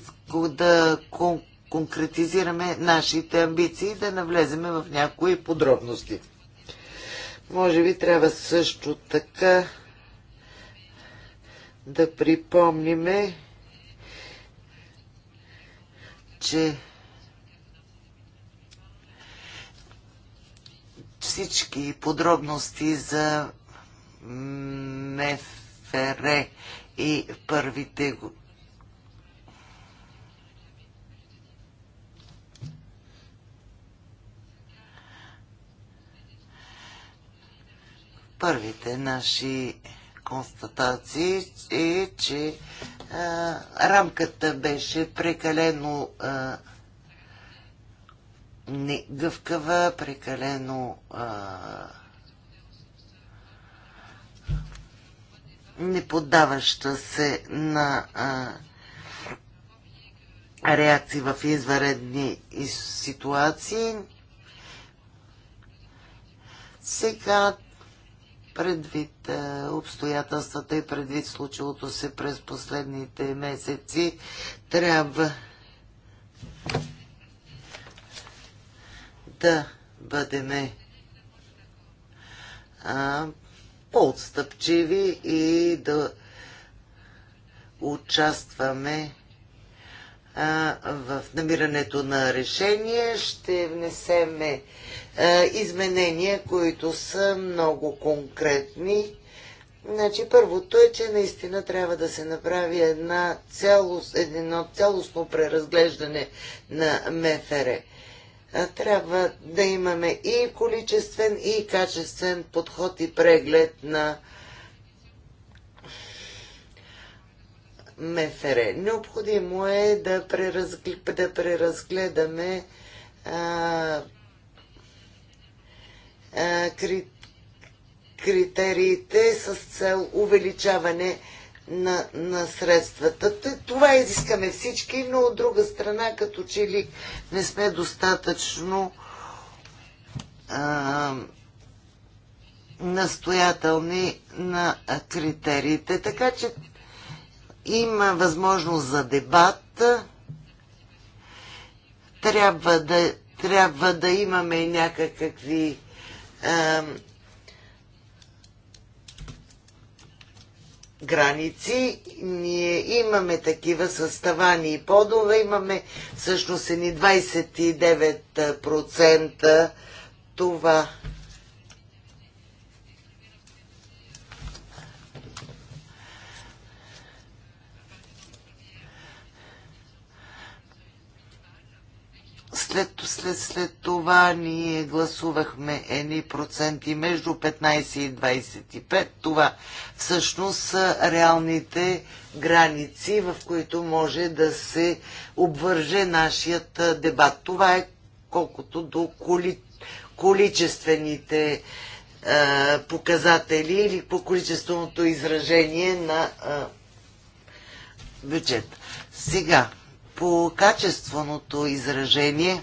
да кон, конкретизираме нашите амбиции, да навлеземе в някои подробности. Може би трябва също така да припомниме, че всички подробности за МФР и първите го. Първите наши констатации е, че а, рамката беше прекалено а, не гъвкава, прекалено а, не поддаваща се на а, реакции в изваредни ситуации. Сега Предвид е, обстоятелствата и предвид случилото се през последните месеци, трябва да бъдем е, по-отстъпчиви и да участваме е, в намирането на решение. Ще внесеме е, изменения, които са много конкретни. Значи първото е, че наистина трябва да се направи една цялост, едно цялостно преразглеждане на МФР. Трябва да имаме и количествен, и качествен подход и преглед на МФР. Необходимо е да, да преразгледаме а, е, критериите с цел увеличаване на, на средствата. Това изискаме всички, но от друга страна, като че ли не сме достатъчно а, настоятелни на критериите. Така че има възможност за дебат. Трябва да, трябва да имаме някакви граници. Ние имаме такива съставани и подове. Имаме всъщност ни 29% това след, след, след това ние гласувахме едни проценти между 15 и 25. Това всъщност са реалните граници, в които може да се обвърже нашият дебат. Това е колкото до коли, количествените е, показатели или по количественото изражение на е, бюджет. Сега, по качественото изражение,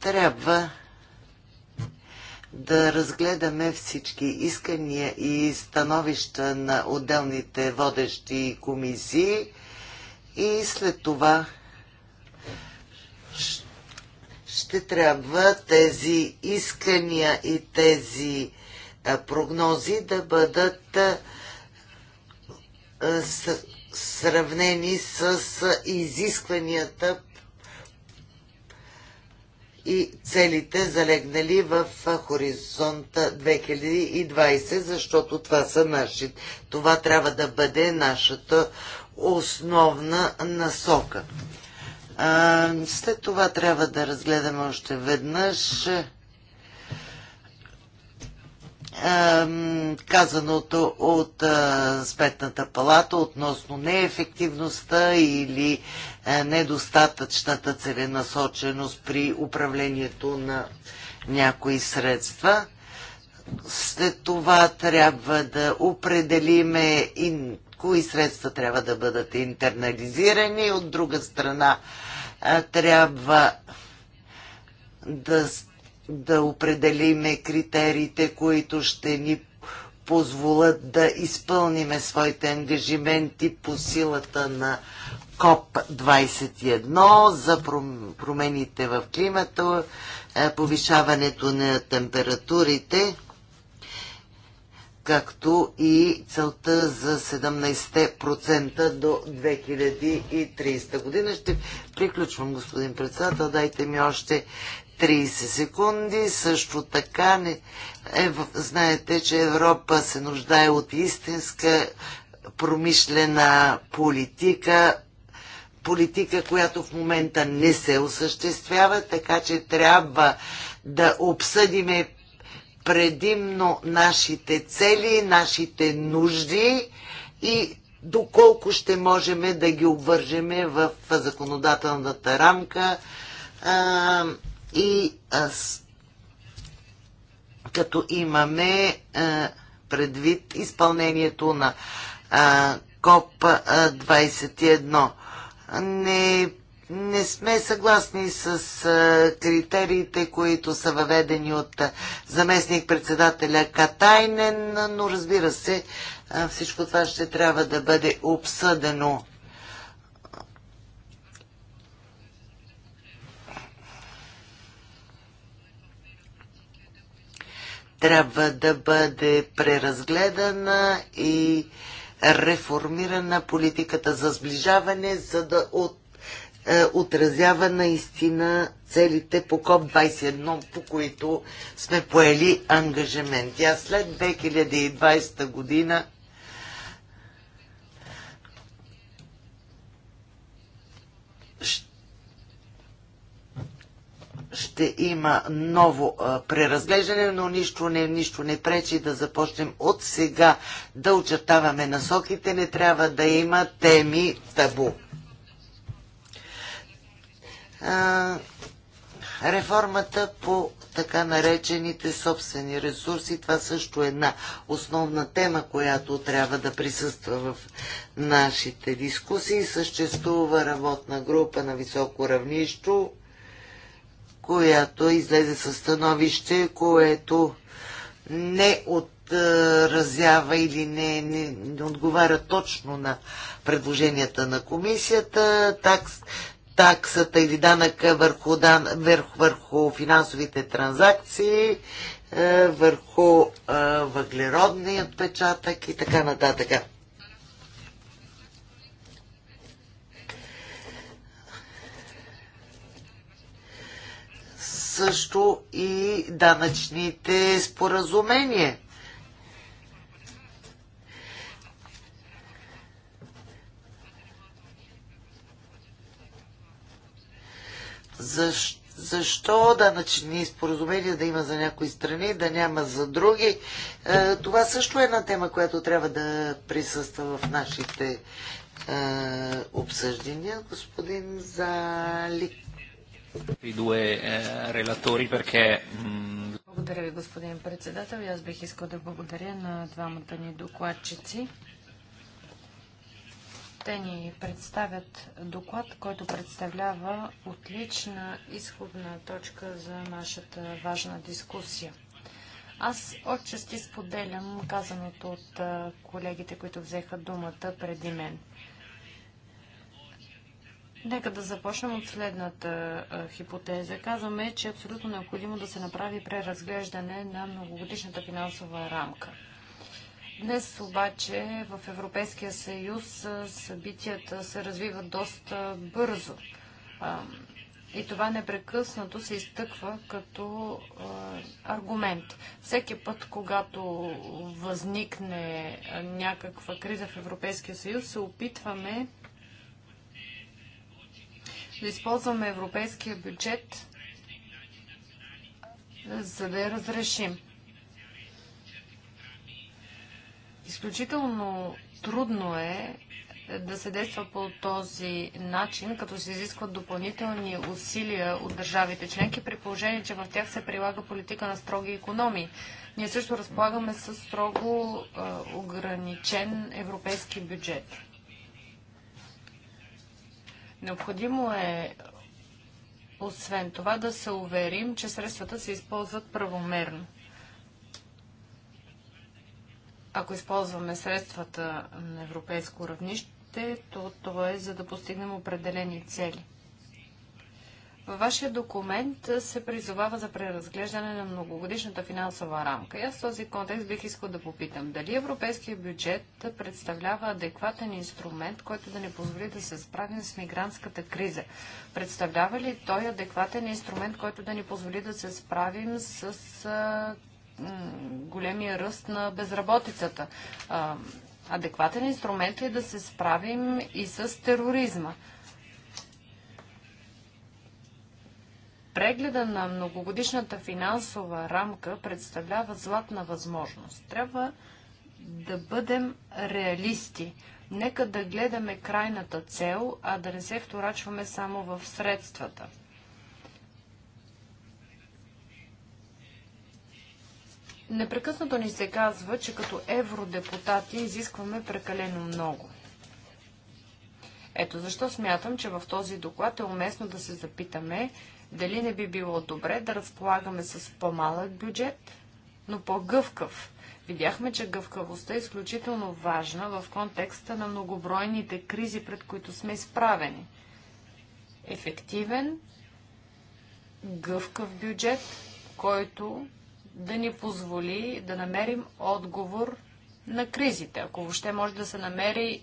трябва да разгледаме всички искания и становища на отделните водещи комисии и след това ще трябва тези искания и тези прогнози да бъдат сравнени с изискванията и целите залегнали в хоризонта 2020, защото това са наши. Това трябва да бъде нашата основна насока. След това трябва да разгледаме още веднъж казаното от Сметната палата относно неефективността или недостатъчната целенасоченост при управлението на някои средства. След това трябва да определиме кои средства трябва да бъдат интернализирани. От друга страна трябва да да определиме критериите, които ще ни позволят да изпълниме своите ангажименти по силата на КОП-21 за промените в климата, е, повишаването на температурите, както и целта за 17% до 2030 година. Ще приключвам, господин председател. Дайте ми още 30 секунди. Също така не, е, знаете, че Европа се нуждае от истинска промишлена политика, политика, която в момента не се осъществява, така че трябва да обсъдиме предимно нашите цели, нашите нужди и доколко ще можем да ги обвържеме в законодателната рамка и аз, като имаме а, предвид изпълнението на а, КОП 21. Не, не сме съгласни с а, критериите, които са въведени от заместник-председателя Катайнен, но разбира се, а, всичко това ще трябва да бъде обсъдено. трябва да бъде преразгледана и реформирана политиката за сближаване, за да от, е, отразява наистина целите по КОП-21, по които сме поели ангажименти. А след 2020 година ще има ново преразглеждане, но нищо не, нищо не пречи да започнем от сега да очертаваме насоките. Не трябва да има теми табу. реформата по така наречените собствени ресурси. Това също е една основна тема, която трябва да присъства в нашите дискусии. Съществува работна група на високо равнищо, която излезе със становище, което не отразява или не, не, не отговаря точно на предложенията на комисията. Такс, таксата или данъка върху, дан, върху, върху финансовите транзакции, е, върху е, въглеродния отпечатък и така нататък. също и данъчните споразумения. Защо? защо данъчни споразумения да има за някои страни, да няма за други. Е, това също е една тема, която трябва да присъства в нашите е, обсъждения, Господин Залик. Eh, mm, благодаря ви, господин председател. И аз бих искал да благодаря на двамата ни докладчици. Те ни представят доклад, който представлява отлична изходна точка за нашата важна дискусия. Аз отчасти споделям казаното от колегите, които взеха думата преди мен. Нека да започнем от следната а, хипотеза. Казваме, че е абсолютно необходимо да се направи преразглеждане на многогодишната финансова рамка. Днес обаче в Европейския съюз събитията се развиват доста бързо. А, и това непрекъснато се изтъква като а, аргумент. Всеки път, когато възникне някаква криза в Европейския съюз, се опитваме да използваме европейския бюджет, за да я разрешим. Изключително трудно е да се действа по този начин, като се изискват допълнителни усилия от държавите членки, при положение, че в тях се прилага политика на строги економии. Ние също разполагаме с строго ограничен европейски бюджет. Необходимо е освен това да се уверим, че средствата се използват правомерно. Ако използваме средствата на европейско равнище, то то е за да постигнем определени цели. Във вашия документ се призовава за преразглеждане на многогодишната финансова рамка. И аз в този контекст бих искал да попитам, дали европейския бюджет представлява адекватен инструмент, който да ни позволи да се справим с мигрантската криза? Представлява ли той адекватен инструмент, който да ни позволи да се справим с а, големия ръст на безработицата? А, адекватен инструмент е да се справим и с тероризма. Прегледа на многогодишната финансова рамка представлява златна възможност. Трябва да бъдем реалисти. Нека да гледаме крайната цел, а да не се вторачваме само в средствата. Непрекъснато ни се казва, че като евродепутати изискваме прекалено много. Ето защо смятам, че в този доклад е уместно да се запитаме дали не би било добре да разполагаме с по-малък бюджет, но по-гъвкав? Видяхме, че гъвкавостта е изключително важна в контекста на многобройните кризи, пред които сме изправени. Ефективен, гъвкав бюджет, който да ни позволи да намерим отговор на кризите, ако въобще може да се намери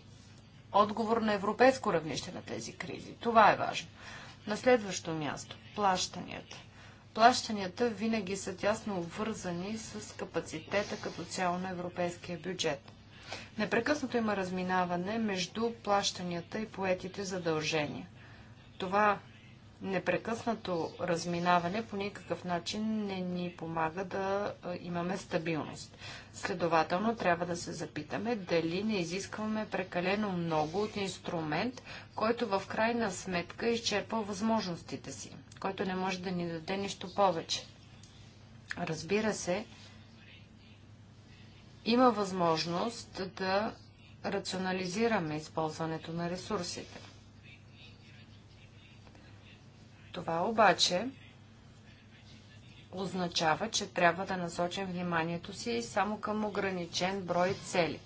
отговор на европейско равнище на тези кризи. Това е важно. На следващо място плащанията. Плащанията винаги са тясно обвързани с капацитета като цяло на европейския бюджет. Непрекъснато има разминаване между плащанията и поетите задължения. Това непрекъснато разминаване по никакъв начин не ни помага да имаме стабилност. Следователно, трябва да се запитаме дали не изискваме прекалено много от инструмент, който в крайна сметка изчерпа възможностите си който не може да ни даде нищо повече. Разбира се, има възможност да рационализираме използването на ресурсите. Това обаче означава, че трябва да насочим вниманието си само към ограничен брой цели.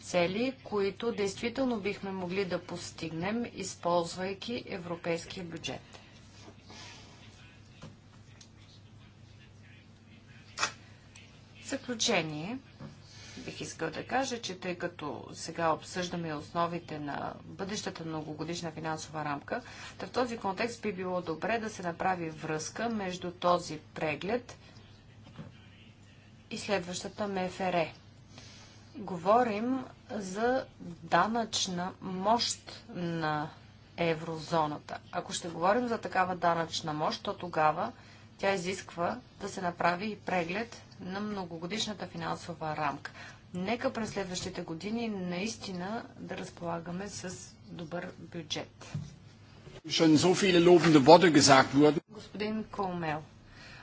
Цели, които действително бихме могли да постигнем, използвайки европейския бюджет. заключение, бих искал да кажа, че тъй като сега обсъждаме основите на бъдещата многогодишна финансова рамка, да в този контекст би било добре да се направи връзка между този преглед и следващата МФР. Говорим за данъчна мощ на еврозоната. Ако ще говорим за такава данъчна мощ, то тогава тя изисква да се направи и преглед на многогодишната финансова рамка. Нека през следващите години наистина да разполагаме с добър бюджет. Господин Колмел.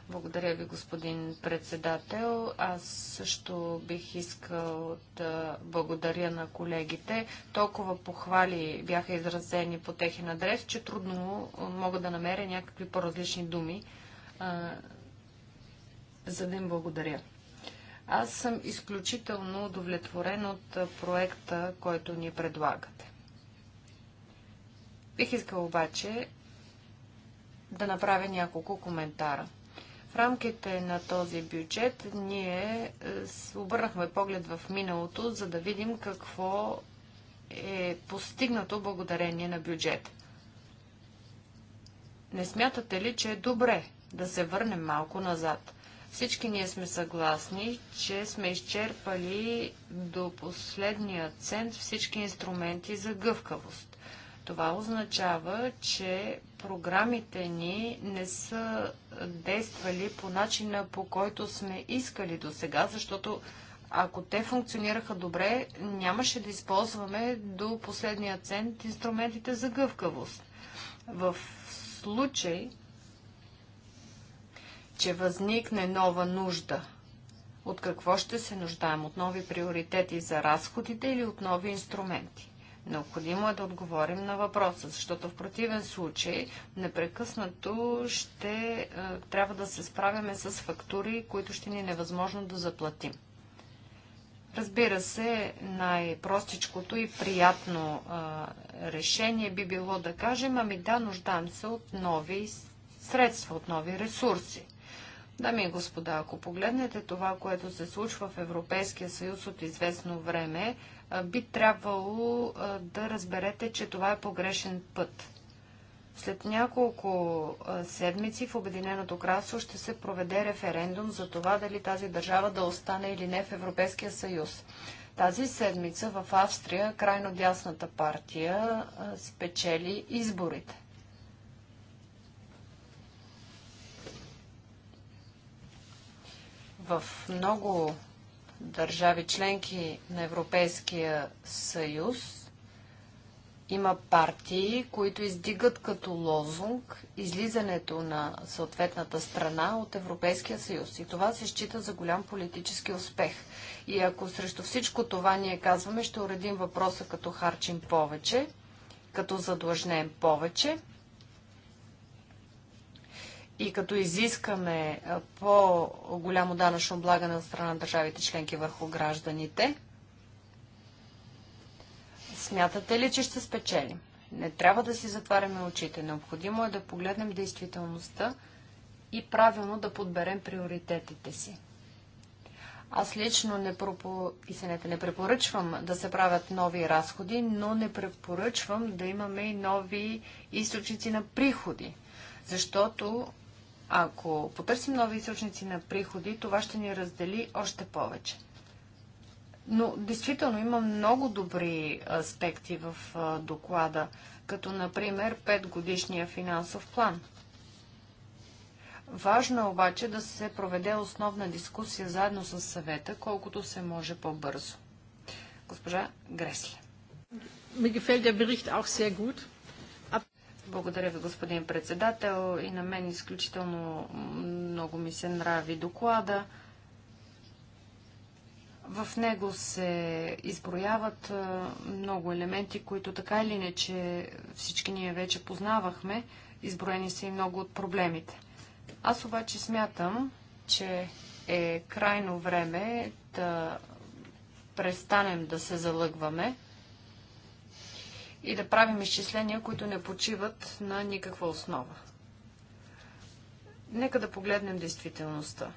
Благодаря ви, господин председател. Аз също бих искал да благодаря на колегите. Толкова похвали бяха изразени по техен адрес, че трудно мога да намеря някакви по-различни думи за да им благодаря. Аз съм изключително удовлетворен от проекта, който ни предлагате. Бих искал обаче да направя няколко коментара. В рамките на този бюджет ние е, обърнахме поглед в миналото, за да видим какво е постигнато благодарение на бюджет. Не смятате ли, че е добре да се върнем малко назад. Всички ние сме съгласни, че сме изчерпали до последния цент всички инструменти за гъвкавост. Това означава, че програмите ни не са действали по начина, по който сме искали до сега, защото ако те функционираха добре, нямаше да използваме до последния цент инструментите за гъвкавост. В случай, че възникне нова нужда. От какво ще се нуждаем? От нови приоритети за разходите или от нови инструменти? Необходимо е да отговорим на въпроса, защото в противен случай непрекъснато ще е, трябва да се справяме с фактури, които ще ни е невъзможно да заплатим. Разбира се, най-простичкото и приятно а, е, решение би било да кажем, ами да, нуждаем се от нови средства, от нови ресурси. Дами и господа, ако погледнете това, което се случва в Европейския съюз от известно време, би трябвало да разберете, че това е погрешен път. След няколко седмици в Обединеното кралство ще се проведе референдум за това дали тази държава да остане или не в Европейския съюз. Тази седмица в Австрия крайно дясната партия спечели изборите. В много държави членки на Европейския съюз има партии, които издигат като лозунг излизането на съответната страна от Европейския съюз. И това се счита за голям политически успех. И ако срещу всичко това ние казваме, ще уредим въпроса като харчим повече, като задлъжнем повече, и като изискаме по-голямо данъчно облагане от страна на държавите членки върху гражданите, смятате ли, че ще спечелим? Не трябва да си затваряме очите. Необходимо е да погледнем действителността и правилно да подберем приоритетите си. Аз лично не, пропо... Извинете, не препоръчвам да се правят нови разходи, но не препоръчвам да имаме и нови източници на приходи, защото ако потърсим нови източници на приходи, това ще ни раздели още повече. Но действително има много добри аспекти в доклада, като например 5 годишния финансов план. Важно е обаче да се проведе основна дискусия заедно с съвета, колкото се може по-бързо. Госпожа Гресли. Ми gefällt der auch sehr gut. Благодаря ви, господин председател. И на мен изключително много ми се нрави доклада. В него се изброяват много елементи, които така или иначе всички ние вече познавахме. Изброени са и много от проблемите. Аз обаче смятам, че е крайно време да престанем да се залъгваме и да правим изчисления, които не почиват на никаква основа. Нека да погледнем действителността.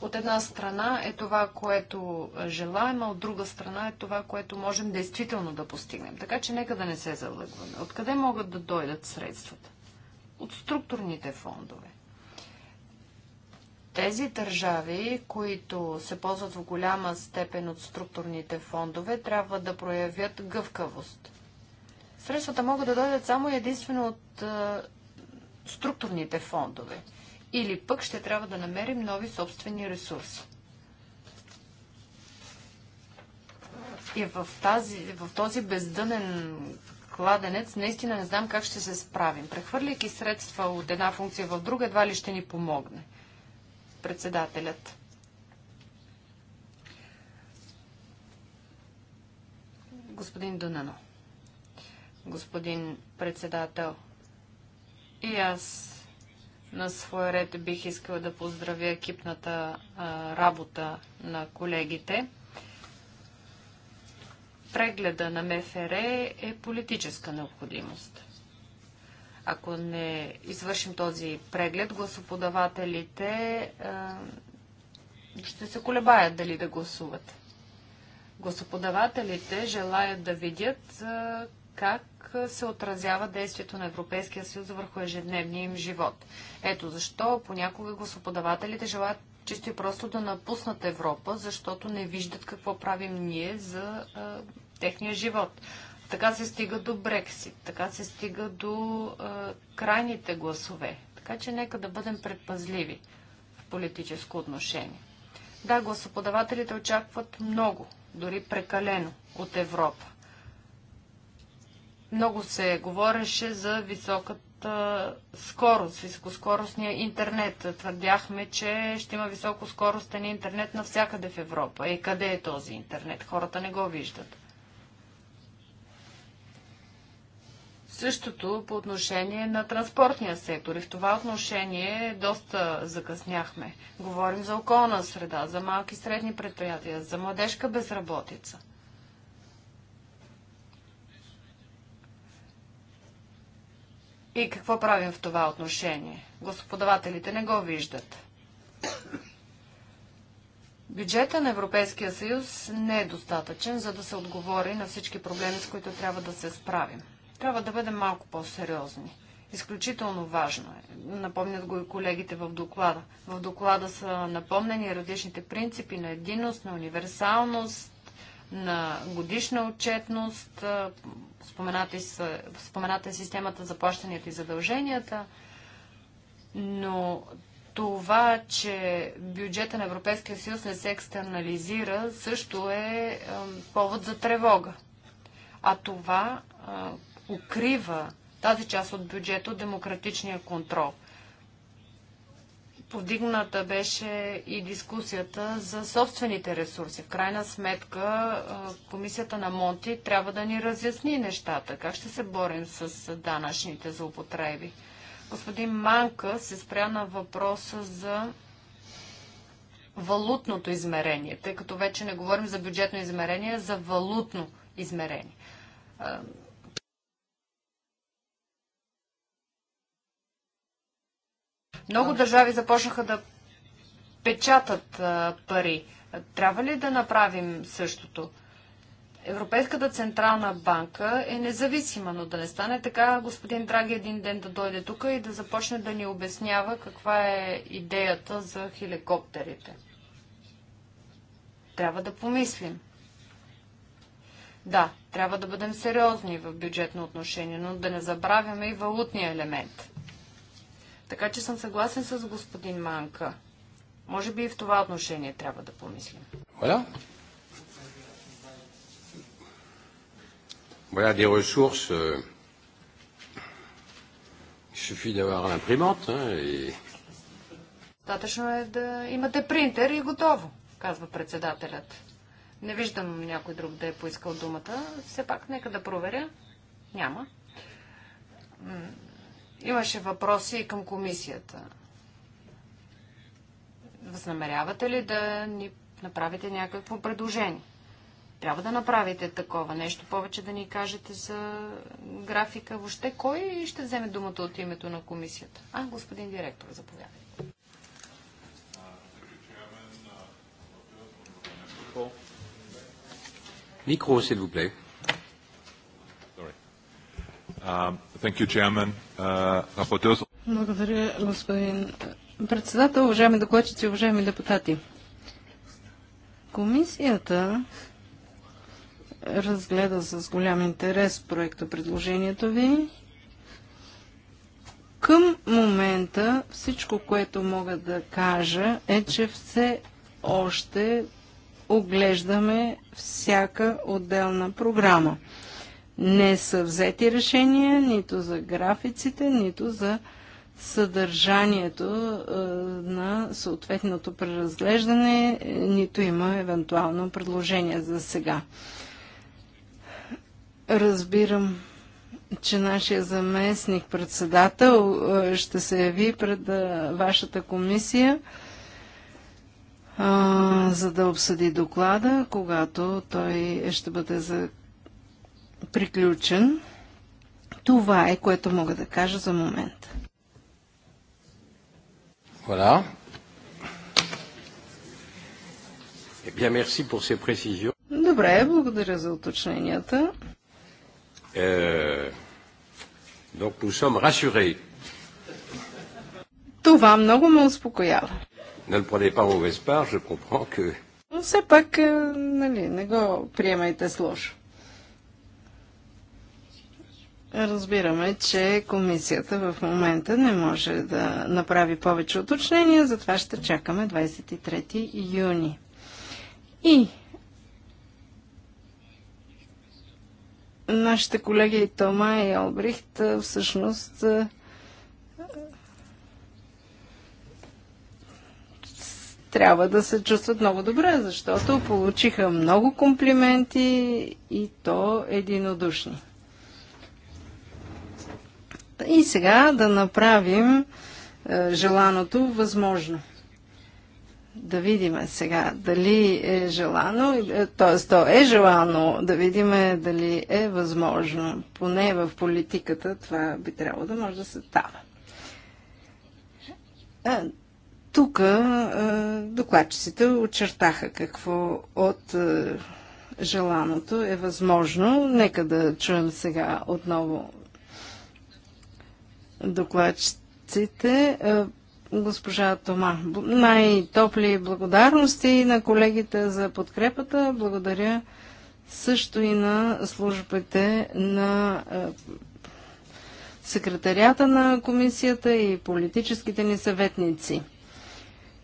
От една страна е това, което желаем, а от друга страна е това, което можем действително да постигнем. Така че нека да не се залъгваме. Откъде могат да дойдат средствата? От структурните фондове. Тези държави, които се ползват в голяма степен от структурните фондове, трябва да проявят гъвкавост. Средствата могат да дойдат само единствено от е, структурните фондове. Или пък ще трябва да намерим нови собствени ресурси. И в, тази, в този бездънен кладенец, наистина не знам как ще се справим. Прехвърляйки средства от една функция в друга, едва ли ще ни помогне. Председателят. Господин Дунано. Господин председател. И аз на своя ред бих искала да поздравя екипната а, работа на колегите. Прегледа на МФР е политическа необходимост. Ако не извършим този преглед, гласоподавателите ще се колебаят дали да гласуват. Гласоподавателите желаят да видят как се отразява действието на Европейския съюз върху ежедневния им живот. Ето защо понякога гласоподавателите желаят чисто и просто да напуснат Европа, защото не виждат какво правим ние за а, техния живот. Така се стига до Брексит, така се стига до е, крайните гласове. Така че нека да бъдем предпазливи в политическо отношение. Да, гласоподавателите очакват много, дори прекалено от Европа. Много се говореше за високата скорост, високоскоростния интернет. Твърдяхме, че ще има високоскоростен интернет навсякъде в Европа. Е, къде е този интернет? Хората не го виждат. Същото по отношение на транспортния сектор. И в това отношение доста закъсняхме. Говорим за околна среда, за малки и средни предприятия, за младежка безработица. И какво правим в това отношение? Господавателите не го виждат. Бюджета на Европейския съюз не е достатъчен, за да се отговори на всички проблеми, с които трябва да се справим. Трябва да бъдем малко по-сериозни. Изключително важно е. Напомнят го и колегите в доклада. В доклада са напомнени различните принципи на единност, на универсалност, на годишна отчетност, спомената, са, спомената е системата за плащанията и задълженията, но това, че бюджета на Европейския съюз не се екстернализира, също е, повод за тревога. А това, укрива тази част от бюджета от демократичния контрол. Подигната беше и дискусията за собствените ресурси. В крайна сметка комисията на Монти трябва да ни разясни нещата. Как ще се борим с данъчните злоупотреби? Господин Манка се спря на въпроса за валутното измерение, тъй като вече не говорим за бюджетно измерение, за валутно измерение. Много държави започнаха да печатат пари. Трябва ли да направим същото? Европейската централна банка е независима, но да не стане така господин Драги един ден да дойде тук и да започне да ни обяснява каква е идеята за хеликоптерите. Трябва да помислим. Да, трябва да бъдем сериозни в бюджетно отношение, но да не забравяме и валутния елемент. Така че съм съгласен с господин Манка. Може би и в това отношение трябва да помислим. Voilà. Voilà des ressources. Euh, il suffit d'avoir l'imprimante Достатъчно е да имате принтер и готово, казва председателят. Не виждам някой друг да е поискал думата. Все пак, нека да проверя. Няма. Имаше въпроси и към комисията. Възнамерявате ли да ни направите някакво предложение? Трябва да направите такова нещо, повече да ни кажете за графика. Въобще, кой ще вземе думата от името на комисията? А, господин директор, заповядайте. Микро, s'il vous Um, uh, Благодаря, господин председател, уважаеми докладчици, уважаеми депутати. Комисията разгледа с голям интерес проекта предложението ви. Към момента всичко, което мога да кажа е, че все още оглеждаме всяка отделна програма не са взети решения нито за графиците, нито за съдържанието е, на съответното преразглеждане, е, нито има евентуално предложение за сега. Разбирам, че нашия заместник председател е, ще се яви пред вашата комисия, за да обсъди доклада, когато той ще бъде за приключен. Това е, което мога да кажа за момента. Voilà. Eh bien, merci pour ces précisions. Добре, благодаря за уточненията. Eh, donc nous sommes rassurés. Това много ме успокоява. Не le prenez pas mauvaise part, je comprends que... Но все пак, е, нали, не го приемайте с лошо. Разбираме, че комисията в момента не може да направи повече уточнения, затова ще чакаме 23 юни. И нашите колеги Тома и Албрихт всъщност трябва да се чувстват много добре, защото получиха много комплименти и то единодушни. И сега да направим е, желаното възможно. Да видим сега дали е желано, т.е. то е желано, да видим дали е възможно. Поне в политиката това би трябвало да може да се става. Тук е, докладчиците очертаха какво от е, желаното е възможно. Нека да чуем сега отново докладчиците. Е, госпожа Тома, най-топли благодарности на колегите за подкрепата. Благодаря също и на службите на е, секретарията на комисията и политическите ни съветници.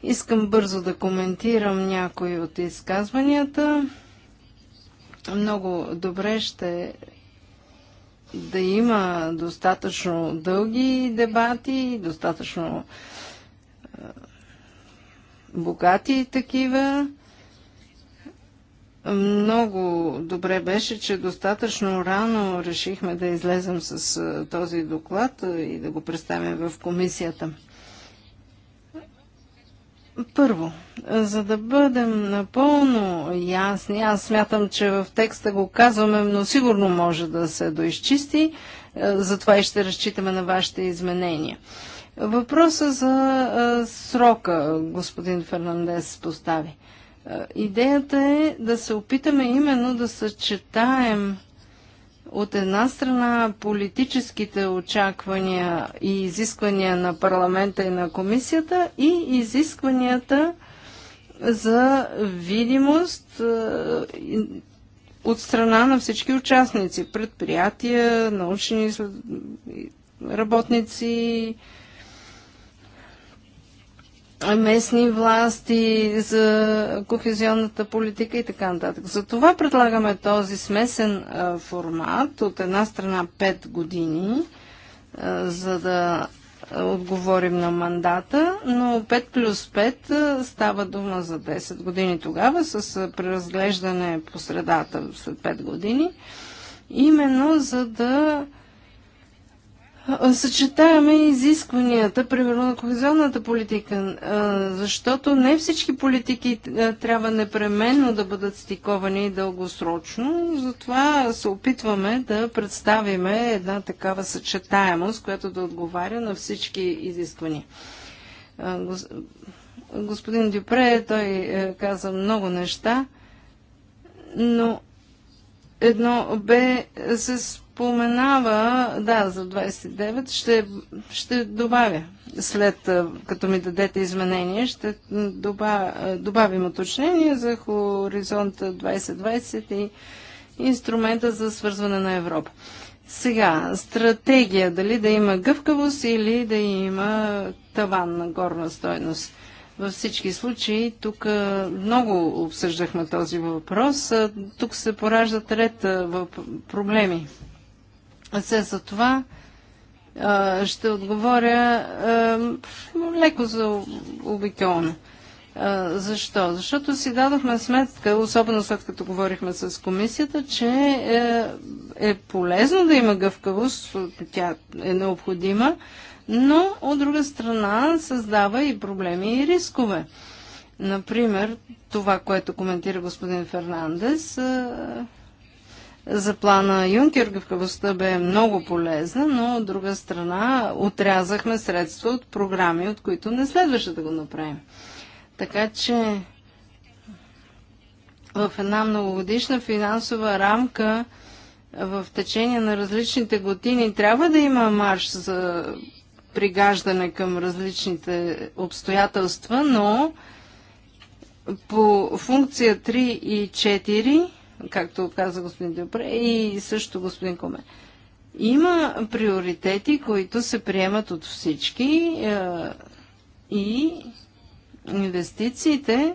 Искам бързо да коментирам някои от изказванията. Много добре ще да има достатъчно дълги дебати, достатъчно богати такива. Много добре беше, че достатъчно рано решихме да излезем с този доклад и да го представим в комисията. Първо, за да бъдем напълно ясни, аз смятам, че в текста го казваме, но сигурно може да се доизчисти, е, затова и ще разчитаме на вашите изменения. Въпросът за е, срока господин Фернандес постави. Е, идеята е да се опитаме именно да съчетаем от една страна политическите очаквания и изисквания на парламента и на комисията и изискванията за видимост е, от страна на всички участници, предприятия, научни работници, местни власти, за кохезионната политика и така нататък. Затова предлагаме този смесен формат от една страна 5 години, за да отговорим на мандата, но 5 плюс 5 става дума за 10 години тогава, с преразглеждане по средата след 5 години, именно за да съчетаваме изискванията, примерно на кохезионната политика, защото не всички политики трябва непременно да бъдат стиковани дългосрочно, затова се опитваме да представиме една такава съчетаемост, която да отговаря на всички изисквания. Господин Дюпре, той е, каза много неща, но едно бе с споменава, да, за 29 ще, ще добавя. След като ми дадете изменение, ще добавя, добавим уточнение за хоризонт 2020 и инструмента за свързване на Европа. Сега, стратегия, дали да има гъвкавост или да има таван на горна стойност. Във всички случаи, тук много обсъждахме този въпрос. Тук се пораждат ред проблеми се за това. Ще отговоря леко за обиколно. Защо? Защото си дадохме сметка, особено след като говорихме с комисията, че е, е полезно да има гъвкавост, тя е необходима, но от друга страна създава и проблеми и рискове. Например, това, което коментира господин Фернандес, за плана Юнкер гъвкавостта бе много полезна, но от друга страна отрязахме средства от програми, от които не следваше да го направим. Така че в една многогодишна финансова рамка в течение на различните години трябва да има марш за пригаждане към различните обстоятелства, но по функция 3 и 4 както каза господин Дюпре и също господин Коме. Има приоритети, които се приемат от всички е, и инвестициите е,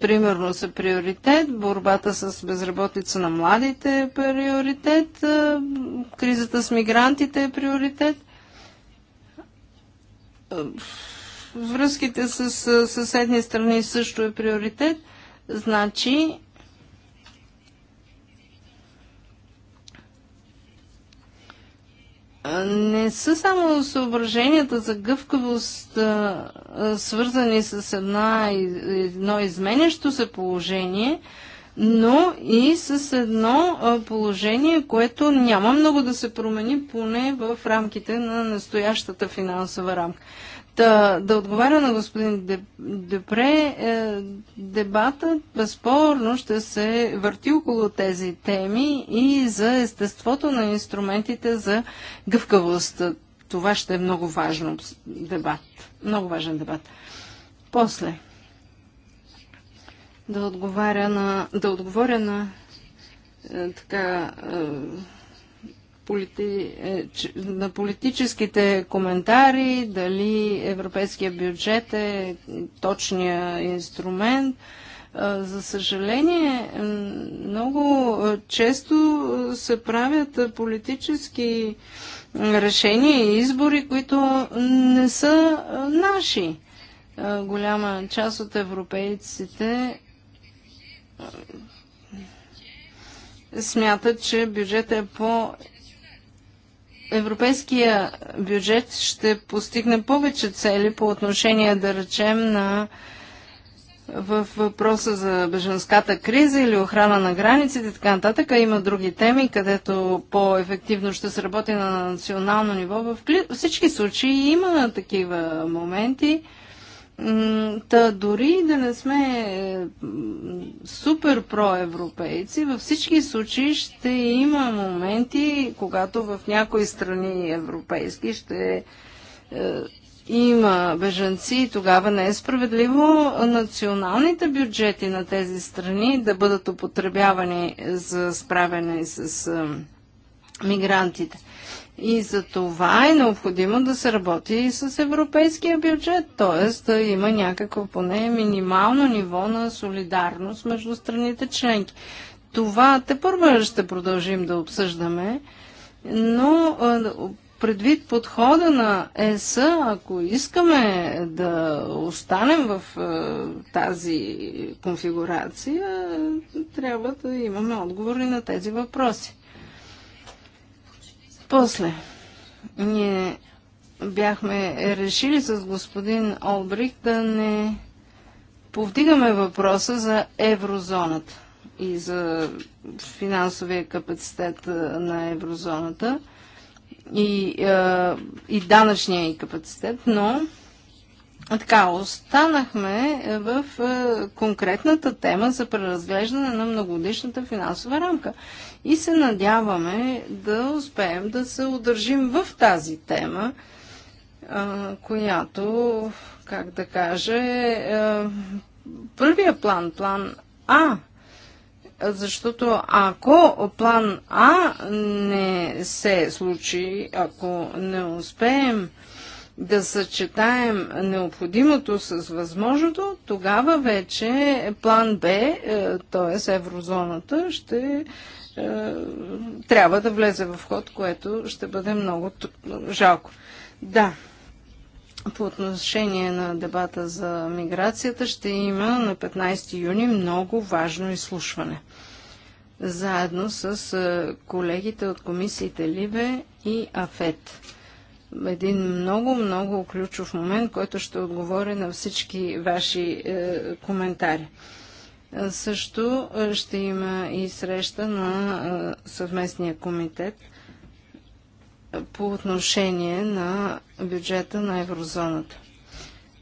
примерно са приоритет, борбата с безработица на младите е приоритет, е, кризата с мигрантите е приоритет, връзките с съседни страни също е приоритет. Значи, не са само съображенията за гъвкавост а, свързани с една, едно изменящо се положение, но и с едно положение, което няма много да се промени, поне в рамките на настоящата финансова рамка. Та, да отговаря на господин Депре, е, дебатът безспорно ще се върти около тези теми и за естеството на инструментите за гъвкавост. Това ще е много важно дебат. Много важен дебат. После да отговаря на, да отговоря на е, така е, полити... Е, на политическите коментари, дали европейския бюджет е точния инструмент. Е, за съжаление, много често се правят политически решения и избори, които не са наши. Е, голяма част от европейците смятат, че бюджетът е по европейския бюджет ще постигне повече цели по отношение, да речем, на в въпроса за беженската криза или охрана на границите и така нататък, а има други теми, където по-ефективно ще се работи на национално ниво. В всички случаи има такива моменти. Та дори да не сме супер проевропейци, във всички случаи ще има моменти, когато в някои страни европейски ще е, има бежанци и тогава не е справедливо националните бюджети на тези страни да бъдат употребявани за справяне с мигрантите. И за това е необходимо да се работи и с европейския бюджет, т.е. да има някакво поне минимално ниво на солидарност между страните членки. Това те първо ще продължим да обсъждаме, но предвид подхода на ЕС, ако искаме да останем в тази конфигурация, трябва да имаме отговори на тези въпроси. После, ние бяхме решили с господин Олбрик да не повдигаме въпроса за еврозоната и за финансовия капацитет на еврозоната и, и данъчния и капацитет, но така, останахме е, в е, конкретната тема за преразглеждане на многодишната финансова рамка. И се надяваме да успеем да се удържим в тази тема, е, която, как да кажа, е първия план, план А. Защото ако план А не се случи, ако не успеем да съчетаем необходимото с възможното, тогава вече план Б, е, т.е. еврозоната, ще е, трябва да влезе в ход, което ще бъде много жалко. Да, по отношение на дебата за миграцията ще има на 15 юни много важно изслушване. Заедно с е, колегите от комисиите Ливе и АФЕТ един много-много ключов момент, който ще отговори на всички ваши е, коментари. Също е, ще има и среща на е, съвместния комитет е, по отношение на бюджета на еврозоната.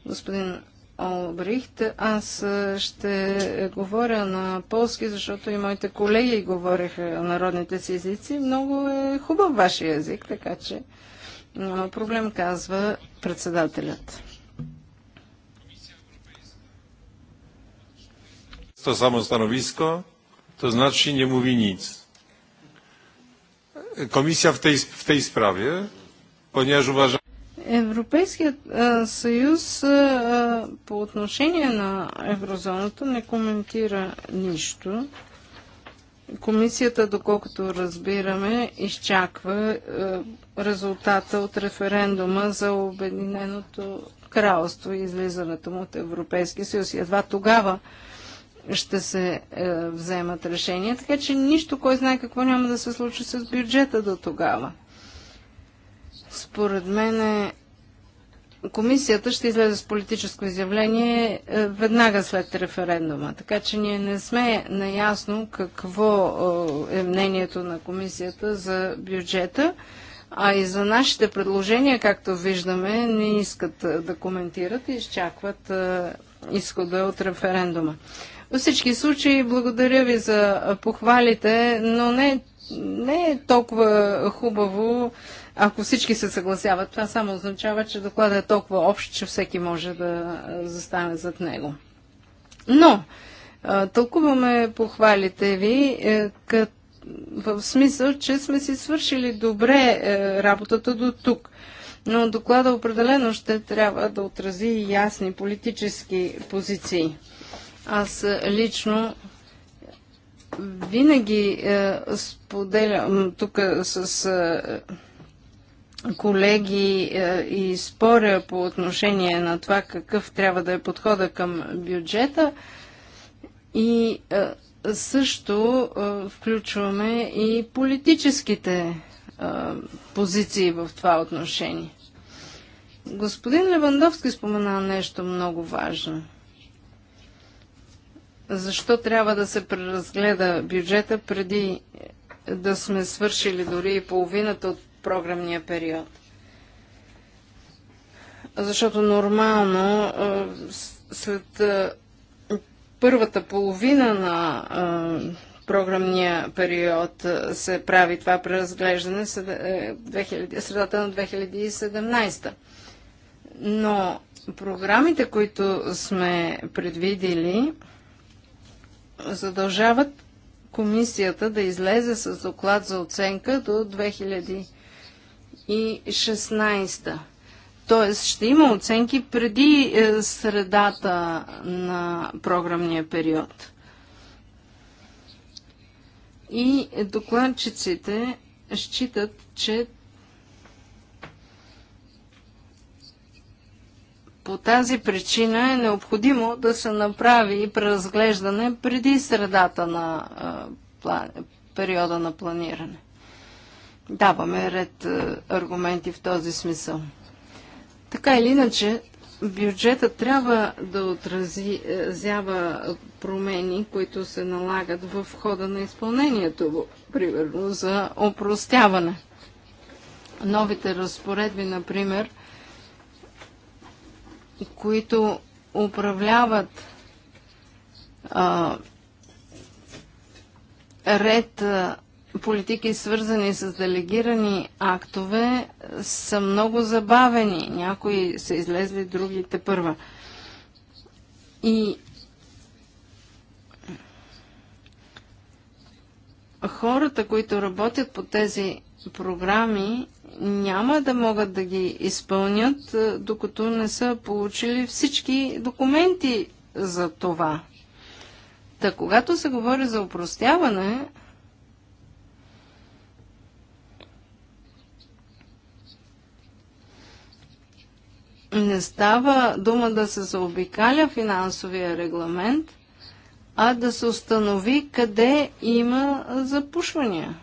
Господин Олбрихт, аз ще говоря на полски, защото и моите колеги говореха народните си езици. Много е хубав вашия език, така че проблем, казва председателят. Това само становиско, то значи не мови nic. Komisja w tej, в tej sprawie, ponieważ uważa... Европейският съюз по отношение на еврозоната не коментира нищо. Комисията, доколкото разбираме, изчаква е, резултата от референдума за Обединеното кралство и излизането му от Европейския съюз. Едва тогава ще се е, вземат решения, така че нищо, кой знае какво няма да се случи с бюджета до тогава. Според мен е комисията ще излезе с политическо изявление е, веднага след референдума. Така че ние не сме наясно какво е мнението на комисията за бюджета, а и за нашите предложения, както виждаме, не искат е, да коментират и изчакват е, изхода от референдума. Във всички случаи благодаря ви за похвалите, но не, не е толкова хубаво ако всички се съгласяват, това само означава, че докладът е толкова общ, че всеки може да застане зад него. Но, тълкуваме похвалите ви е, в смисъл, че сме си свършили добре е, работата до тук. Но доклада определено ще трябва да отрази ясни политически позиции. Аз е, лично винаги е, споделям тук с е, колеги е, и споря по отношение на това какъв трябва да е подхода към бюджета. И е, също е, включваме и политическите позиции в това отношение. Господин Левандовски спомена нещо много важно. Защо трябва да се преразгледа бюджета преди да сме свършили дори и половината от програмния период. Защото нормално след първата половина на програмния период се прави това преразглеждане средата на 2017. Но програмите, които сме предвидили, задължават комисията да излезе с доклад за оценка до 2016. Тоест ще има оценки преди е, средата на програмния период. И докладчиците считат, че по тази причина е необходимо да се направи преразглеждане преди средата на е, периода на планиране даваме ред е, аргументи в този смисъл. Така или иначе, бюджета трябва да отразява промени, които се налагат в хода на изпълнението, примерно за опростяване. Новите разпоредби, например, които управляват а, ред а, политики, свързани с делегирани актове, са много забавени. Някои са излезли, другите първа. И хората, които работят по тези програми, няма да могат да ги изпълнят, е, докато не са получили всички документи за това. Та когато се говори за упростяване, Не става дума да се заобикаля финансовия регламент, а да се установи къде има запушвания,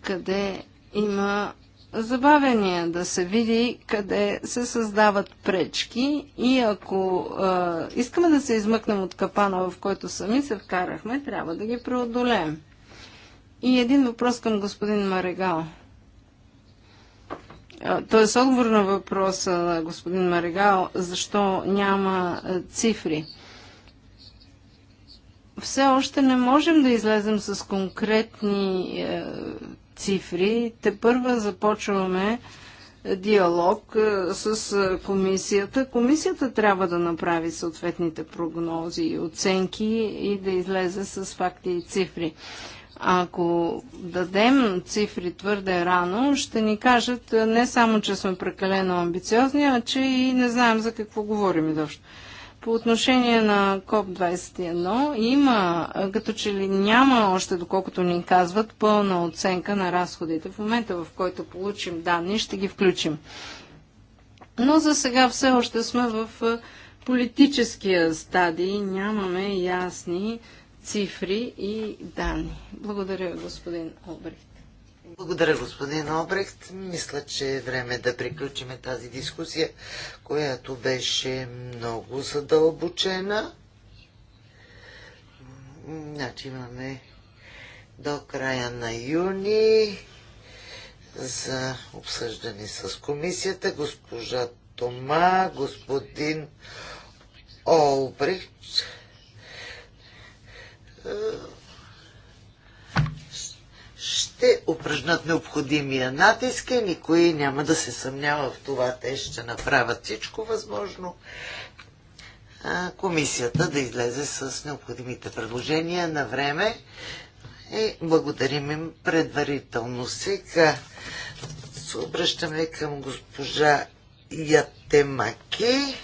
къде има забавяния да се види къде се създават пречки и ако е, искаме да се измъкнем от капана, в който сами се вкарахме, трябва да ги преодолеем. И един въпрос към господин Марегал. Тоест, отговор на въпроса на господин Маригал, защо няма е, цифри. Все още не можем да излезем с конкретни е, цифри. Те първа започваме е, диалог с комисията. Комисията трябва да направи съответните прогнози и оценки и да излезе с факти и цифри. Ако дадем цифри твърде рано, ще ни кажат не само, че сме прекалено амбициозни, а че и не знаем за какво говорим изобщо. По отношение на КОП-21 има, като че ли няма още, доколкото ни казват, пълна оценка на разходите. В момента, в който получим данни, ще ги включим. Но за сега все още сме в политическия стадий, нямаме ясни цифри и данни. Благодаря, господин Обрехт. Благодаря, господин Обрехт. Мисля, че е време да приключим тази дискусия, която беше много задълбочена. Значи имаме до края на юни за обсъждане с комисията госпожа Тома, господин Олбрехт е, ще упражнат необходимия натиск и никой няма да се съмнява в това. Те ще направят всичко възможно комисията да излезе с необходимите предложения на време и благодарим им предварително. Сега се обръщаме към госпожа Ятемаки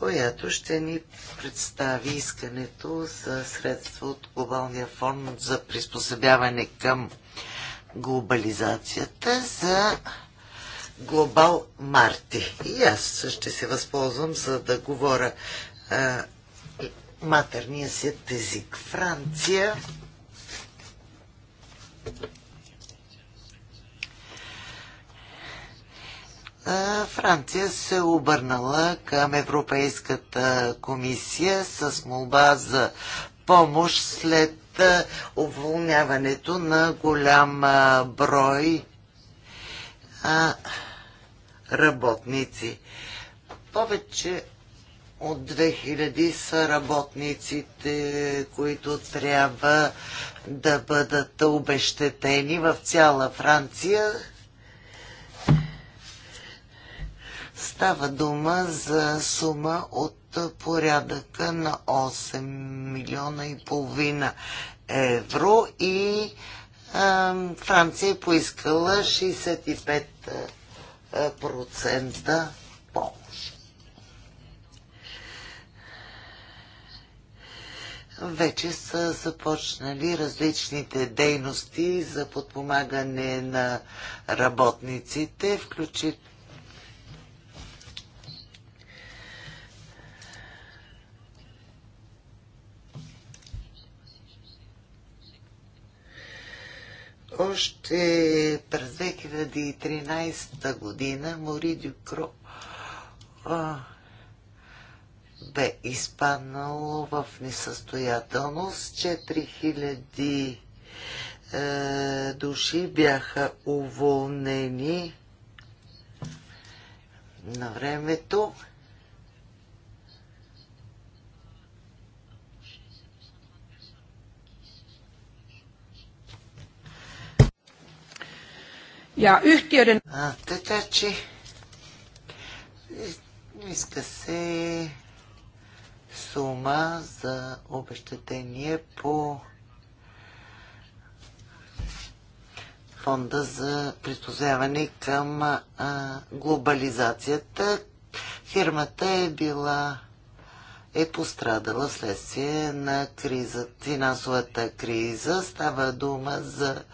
която ще ни представи искането за средства от Глобалния фонд за приспособяване към глобализацията за Глобал Марти. И аз ще се възползвам, за да говоря матерния си език. Франция Франция се е обърнала към Европейската комисия с молба за помощ след уволняването на голям брой работници. Повече от 2000 са работниците, които трябва да бъдат обещетени в цяла Франция Става дума за сума от порядъка на 8 милиона и половина евро и Франция е поискала 65% помощ. Вече са започнали различните дейности за подпомагане на работниците, включително Още през 2013 година Мори Дюкро а, бе изпаднало в несъстоятелност. 4000 е, души бяха уволнени на времето Ja yhtiöiden... А, така че... Иска се сума за обещатение по фонда за притозяване към глобализацията. Фирмата е била е пострадала вследствие на кризата, финансовата криза. Става дума за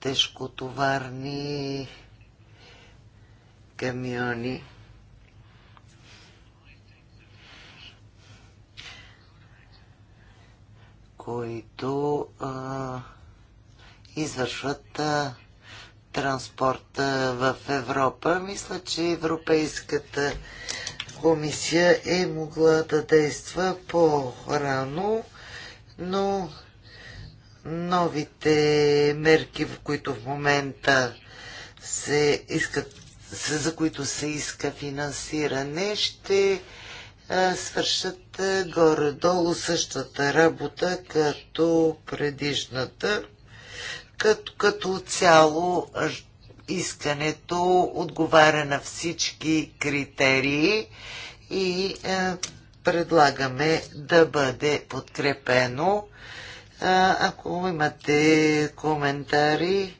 тежкотоварни камиони. които а, извършват а, транспорта в Европа. Мисля, че Европейската комисия е могла да действа по-рано, но новите мерки, в които в момента се искат, за които се иска финансиране, ще свършат горе-долу същата работа като предишната, като, като цяло искането отговаря на всички критерии и предлагаме да бъде подкрепено ако имате коментари,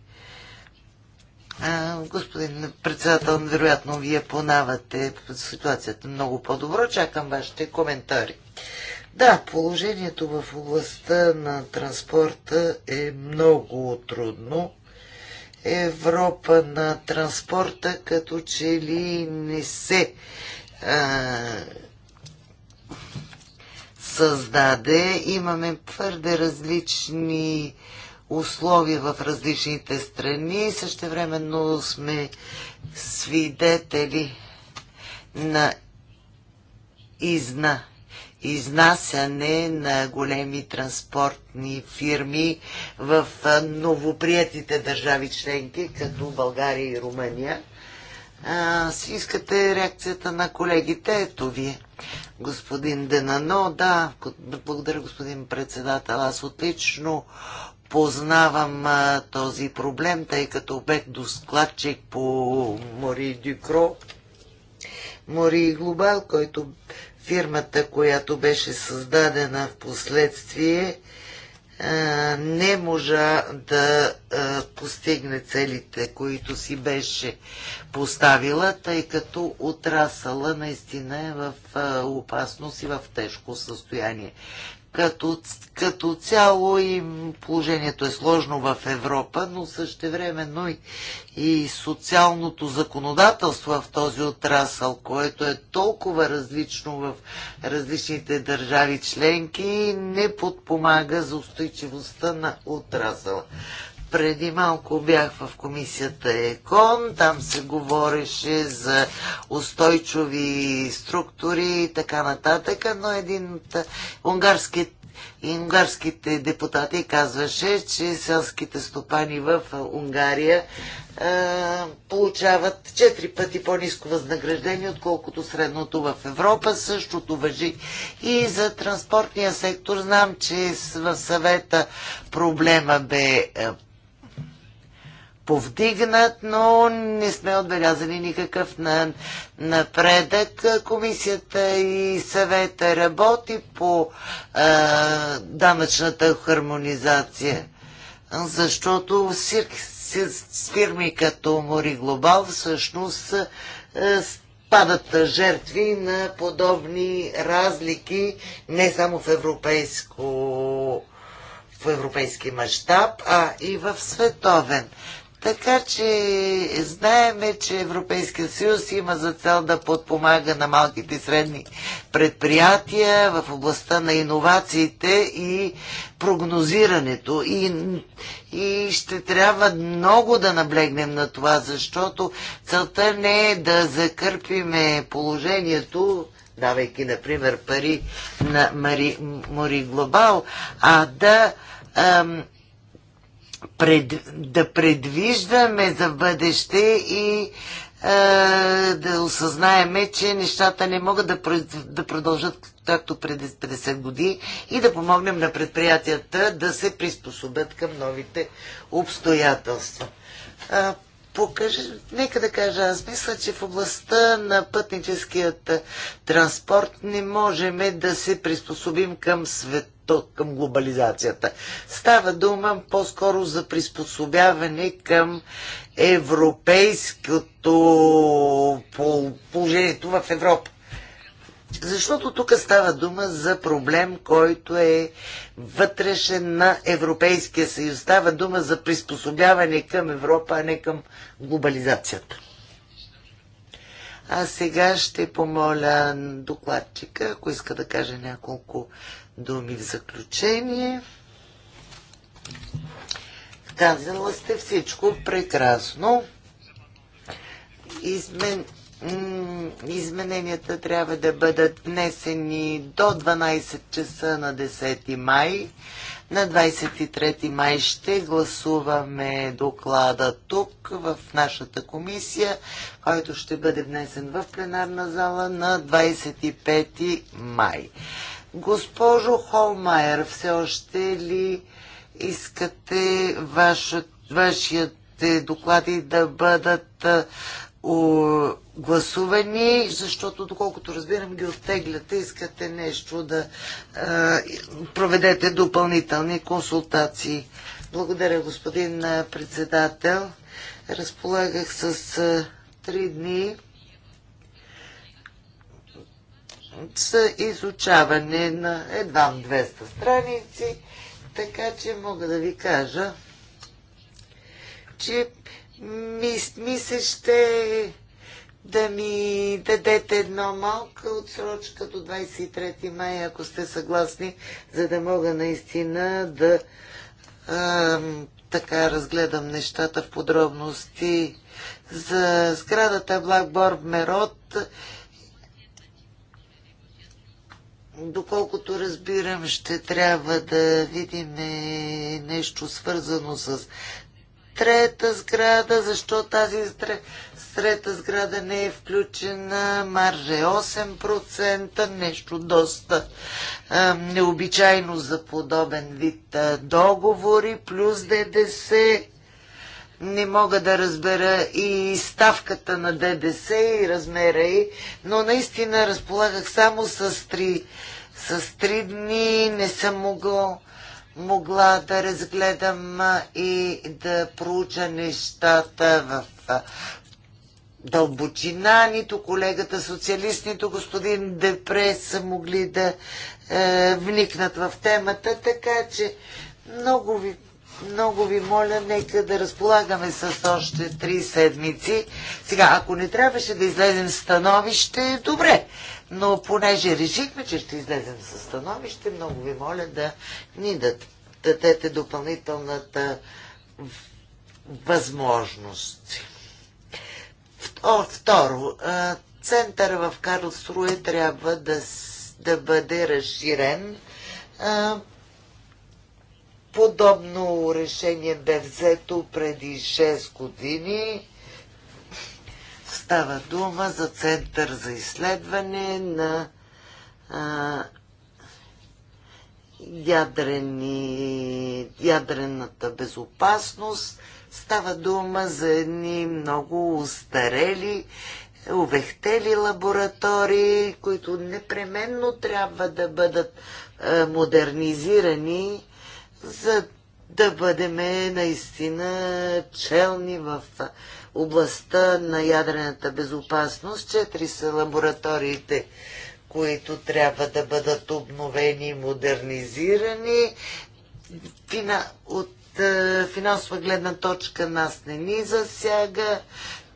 господин председател, вероятно вие понавате ситуацията много по-добро. Чакам вашите коментари. Да, положението в областта на транспорта е много трудно. Европа на транспорта като че ли не се а, създаде. Имаме твърде различни условия в различните страни. времено сме свидетели на изна, изнасяне на големи транспортни фирми в новоприятите държави членки, като България и Румъния а, искате реакцията на колегите. Ето вие, господин Денано. Да, благодаря, господин председател. Аз отлично познавам а, този проблем, тъй като бех доскладчик по Мори Дюкро, Мори Глобал, който фирмата, която беше създадена в последствие, не можа да постигне целите, които си беше поставила, тъй като отрасъла наистина е в опасност и в тежко състояние. Като, като цяло и положението е сложно в Европа, но същевременно и, и социалното законодателство в този отрасъл, което е толкова различно в различните държави членки, не подпомага за устойчивостта на отрасъла. Преди малко бях в комисията ЕКОН, там се говореше за устойчиви структури и така нататък, но един от унгарските унгарските депутати казваше, че селските стопани в Унгария е, получават 4 пъти по-низко възнаграждение, отколкото средното в Европа. Същото въжи и за транспортния сектор. Знам, че в съвета проблема бе повдигнат, но не сме отбелязали никакъв напредък. Комисията и съвета работи по а, данъчната хармонизация, защото с фирми като Мори Глобал всъщност падат жертви на подобни разлики не само в европейско в европейски мащаб, а и в световен. Така че знаеме, че Европейския съюз има за цел да подпомага на малките и средни предприятия в областта на иновациите и прогнозирането. И, и ще трябва много да наблегнем на това, защото целта не е да закърпиме положението, давайки, например, пари на Мари, Мори Глобал, а да ам, пред, да предвиждаме за бъдеще и е, да осъзнаеме, че нещата не могат да, да продължат както преди 50 години и да помогнем на предприятията да се приспособят към новите обстоятелства. А, покажа, нека да кажа, аз мисля, че в областта на пътническият транспорт не можем да се приспособим към света към глобализацията. Става дума по-скоро за приспособяване към европейското положението в Европа. Защото тук става дума за проблем, който е вътрешен на Европейския съюз. Става дума за приспособяване към Европа, а не към глобализацията. А сега ще помоля докладчика, ако иска да каже няколко думи в заключение. Казала сте всичко прекрасно. Измен... Измененията трябва да бъдат внесени до 12 часа на 10 май. На 23 май ще гласуваме доклада тук в нашата комисия, който ще бъде внесен в пленарна зала на 25 май. Госпожо Холмайер, все още ли искате вашият, вашите доклади да бъдат гласувани, защото доколкото разбирам ги оттегляте, искате нещо да проведете допълнителни консултации. Благодаря, господин председател. Разполагах с три дни са изучаване на едва 200 страници, така че мога да ви кажа, че ми, ми се ще да ми дадете едно малка отсрочка до 23 май, ако сте съгласни, за да мога наистина да а, така разгледам нещата в подробности за сградата Блакбор Мерот Доколкото разбирам, ще трябва да видим нещо свързано с трета сграда, защо тази трета сграда не е включена, марже 8%, нещо доста а, необичайно за подобен вид договори, плюс ДДС не мога да разбера и ставката на ДДС и размера и, но наистина разполагах само с три, с три дни, не съм могла, могла да разгледам и да проуча нещата в дълбочина, нито колегата социалист, нито господин Депре са могли да е, вникнат в темата, така че много ви много ви моля, нека да разполагаме с още три седмици. Сега, ако не трябваше да излезем становище, добре. Но понеже решихме, че ще излезем с становище, много ви моля да ни дадете допълнителната възможност. Второ, центъра в Карлсруе трябва да, да бъде разширен Подобно решение бе взето преди 6 години. Става дума за Център за изследване на а, ядрени, ядрената безопасност. Става дума за едни много устарели, увехтели лаборатории, които непременно трябва да бъдат а, модернизирани за да бъдем наистина челни в областта на ядрената безопасност. Четири са лабораториите, които трябва да бъдат обновени и модернизирани. Фина... От е, финансова гледна точка нас не ни засяга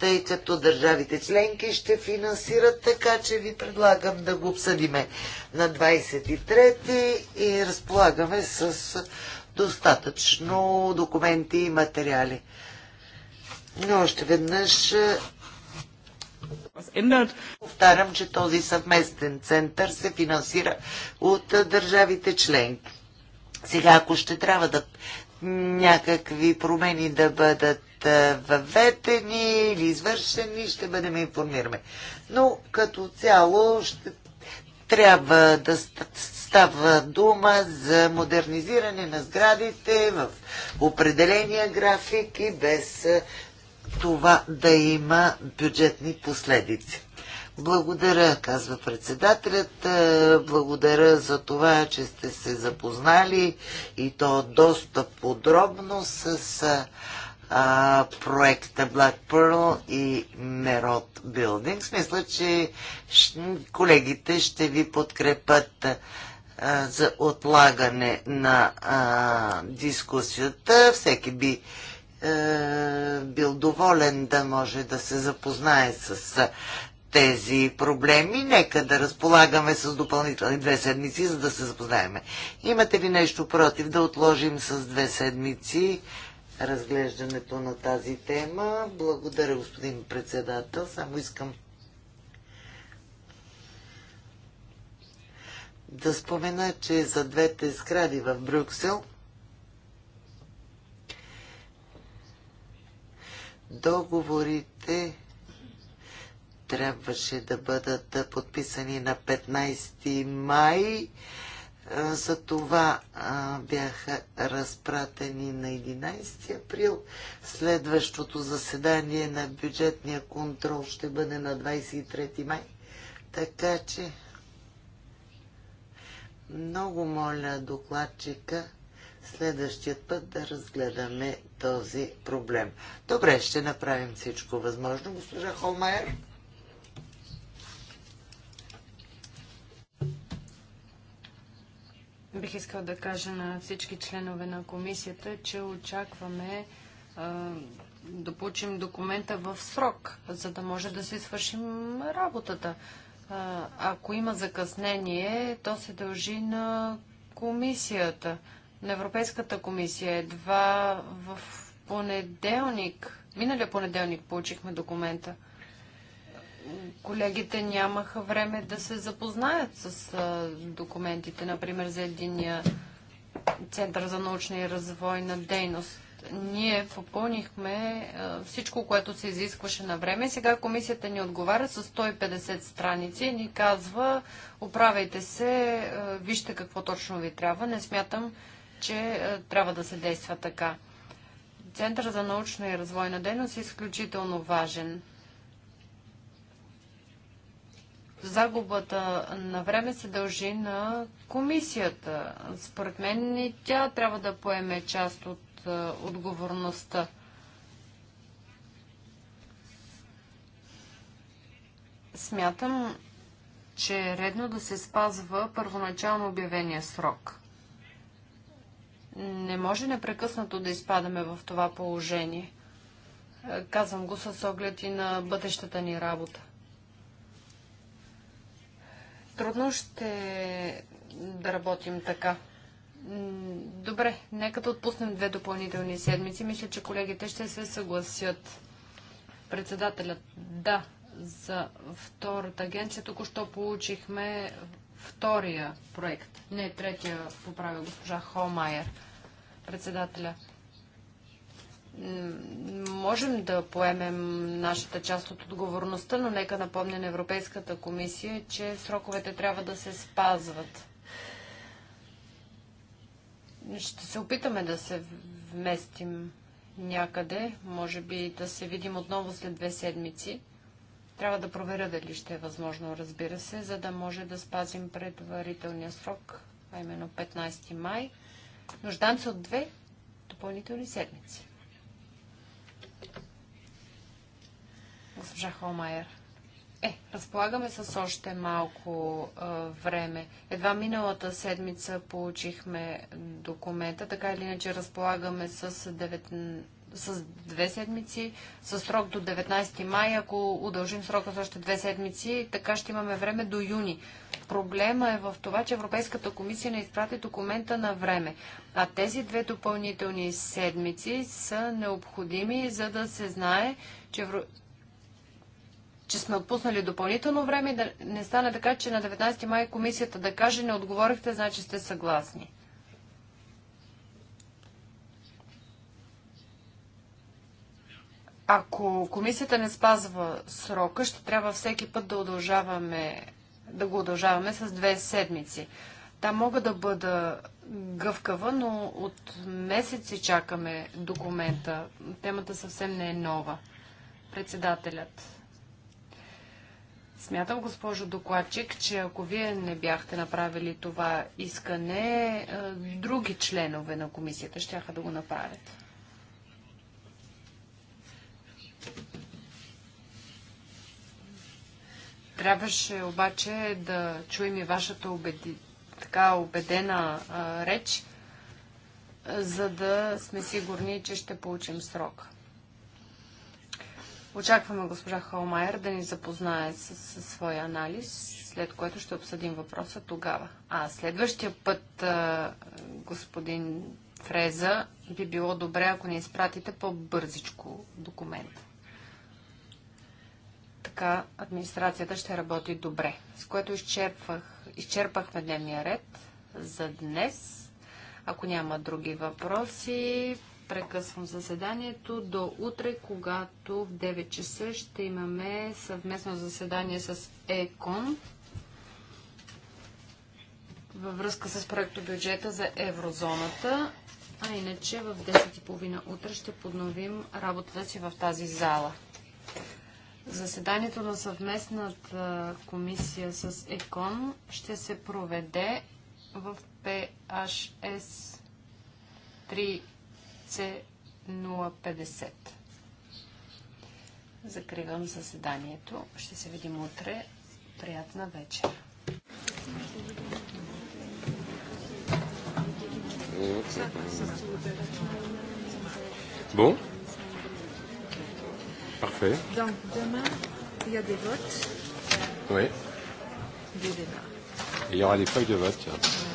тъй като държавите членки ще финансират, така че ви предлагам да го обсъдиме на 23 и разполагаме с достатъчно документи и материали. Но още веднъж повтарям, че този съвместен център се финансира от държавите членки. Сега, ако ще трябва да, някакви промени да бъдат въведени или извършени, ще бъдем информираме. Но като цяло ще трябва да става дума за модернизиране на сградите в определения график и без това да има бюджетни последици. Благодаря, казва председателят. Е, благодаря за това, че сте се запознали и то доста подробно с е, а, проекта Black Pearl и Merod Building. Мисля, че колегите ще ви подкрепят а, е, за отлагане на а, дискусията. Всеки би бил доволен да може да се запознае с тези проблеми. Нека да разполагаме с допълнителни две седмици, за да се запознаеме. Имате ли нещо против да отложим с две седмици разглеждането на тази тема? Благодаря, господин председател. Само искам да спомена, че за двете скради в Брюксел договорите трябваше да бъдат подписани на 15 май. За това бяха разпратени на 11 април. Следващото заседание на бюджетния контрол ще бъде на 23 май. Така че много моля докладчика следващият път да разгледаме този проблем. Добре, ще направим всичко възможно, госпожа Холмайер. Бих искал да кажа на всички членове на комисията, че очакваме а, да получим документа в срок, за да може да си свършим работата. А, ако има закъснение, то се дължи на комисията, на Европейската комисия. Едва в понеделник, миналия понеделник получихме документа колегите нямаха време да се запознаят с документите, например за единия Център за научна и развойна дейност. Ние попълнихме всичко, което се изискваше на време. Сега комисията ни отговаря с 150 страници и ни казва, оправяйте се, вижте какво точно ви трябва. Не смятам, че трябва да се действа така. Център за научна и развойна дейност е изключително важен загубата на време се дължи на комисията. Според мен и тя трябва да поеме част от е, отговорността. Смятам, че е редно да се спазва първоначално обявения срок. Не може непрекъснато да изпадаме в това положение. Е, казвам го с оглед и на бъдещата ни работа. Трудно ще да работим така. Добре, нека да отпуснем две допълнителни седмици. Мисля, че колегите ще се съгласят. Председателят, да, за втората агенция току-що получихме втория проект. Не, третия, поправя госпожа Холмайер, председателя можем да поемем нашата част от отговорността, но нека напомня на Европейската комисия, че сроковете трябва да се спазват. Ще се опитаме да се вместим някъде, може би да се видим отново след две седмици. Трябва да проверя дали ще е възможно, разбира се, за да може да спазим предварителния срок, а именно 15 май. нуждан се от две допълнителни седмици. госпожа Холмайер. Е, разполагаме с още малко а, време. Едва миналата седмица получихме документа, така или иначе разполагаме с 9 с две седмици, с срок до 19 май, ако удължим срока с още две седмици, така ще имаме време до юни. Проблема е в това, че Европейската комисия не изпрати документа на време. А тези две допълнителни седмици са необходими, за да се знае, че че сме отпуснали допълнително време и да не стане така, че на 19 май комисията да каже не отговорихте, значи сте съгласни. Ако комисията не спазва срока, ще трябва всеки път да, удължаваме, да го удължаваме с две седмици. Там мога да бъда гъвкава, но от месеци чакаме документа. Темата съвсем не е нова. Председателят. Смятам, госпожо докладчик, че ако вие не бяхте направили това искане, е, други членове на комисията ще да го направят. Трябваше обаче да чуем и вашата убеди... така убедена а, реч, за да сме сигурни, че ще получим срока. Очакваме госпожа Холмайер да ни запознае с, с своя анализ, след което ще обсъдим въпроса тогава. А следващия път, а, господин Фреза, би било добре, ако ни изпратите по-бързичко документа. Така администрацията ще работи добре, с което изчерпах, изчерпахме дневния ред за днес. Ако няма други въпроси, прекъсвам заседанието до утре, когато в 9 часа ще имаме съвместно заседание с ЕКОН във връзка с бюджета за еврозоната. А иначе в 10.30 утре ще подновим работата си в тази зала. Заседанието на съвместната комисия с ЕКОН ще се проведе в PHS 3 C050. Закривам заседанието. Ще се видим утре. Приятна вечер. Bon. Parfait. Donc demain, il y a des votes. Oui. Des débats. Et il y aura des feuilles de vote. Tiens.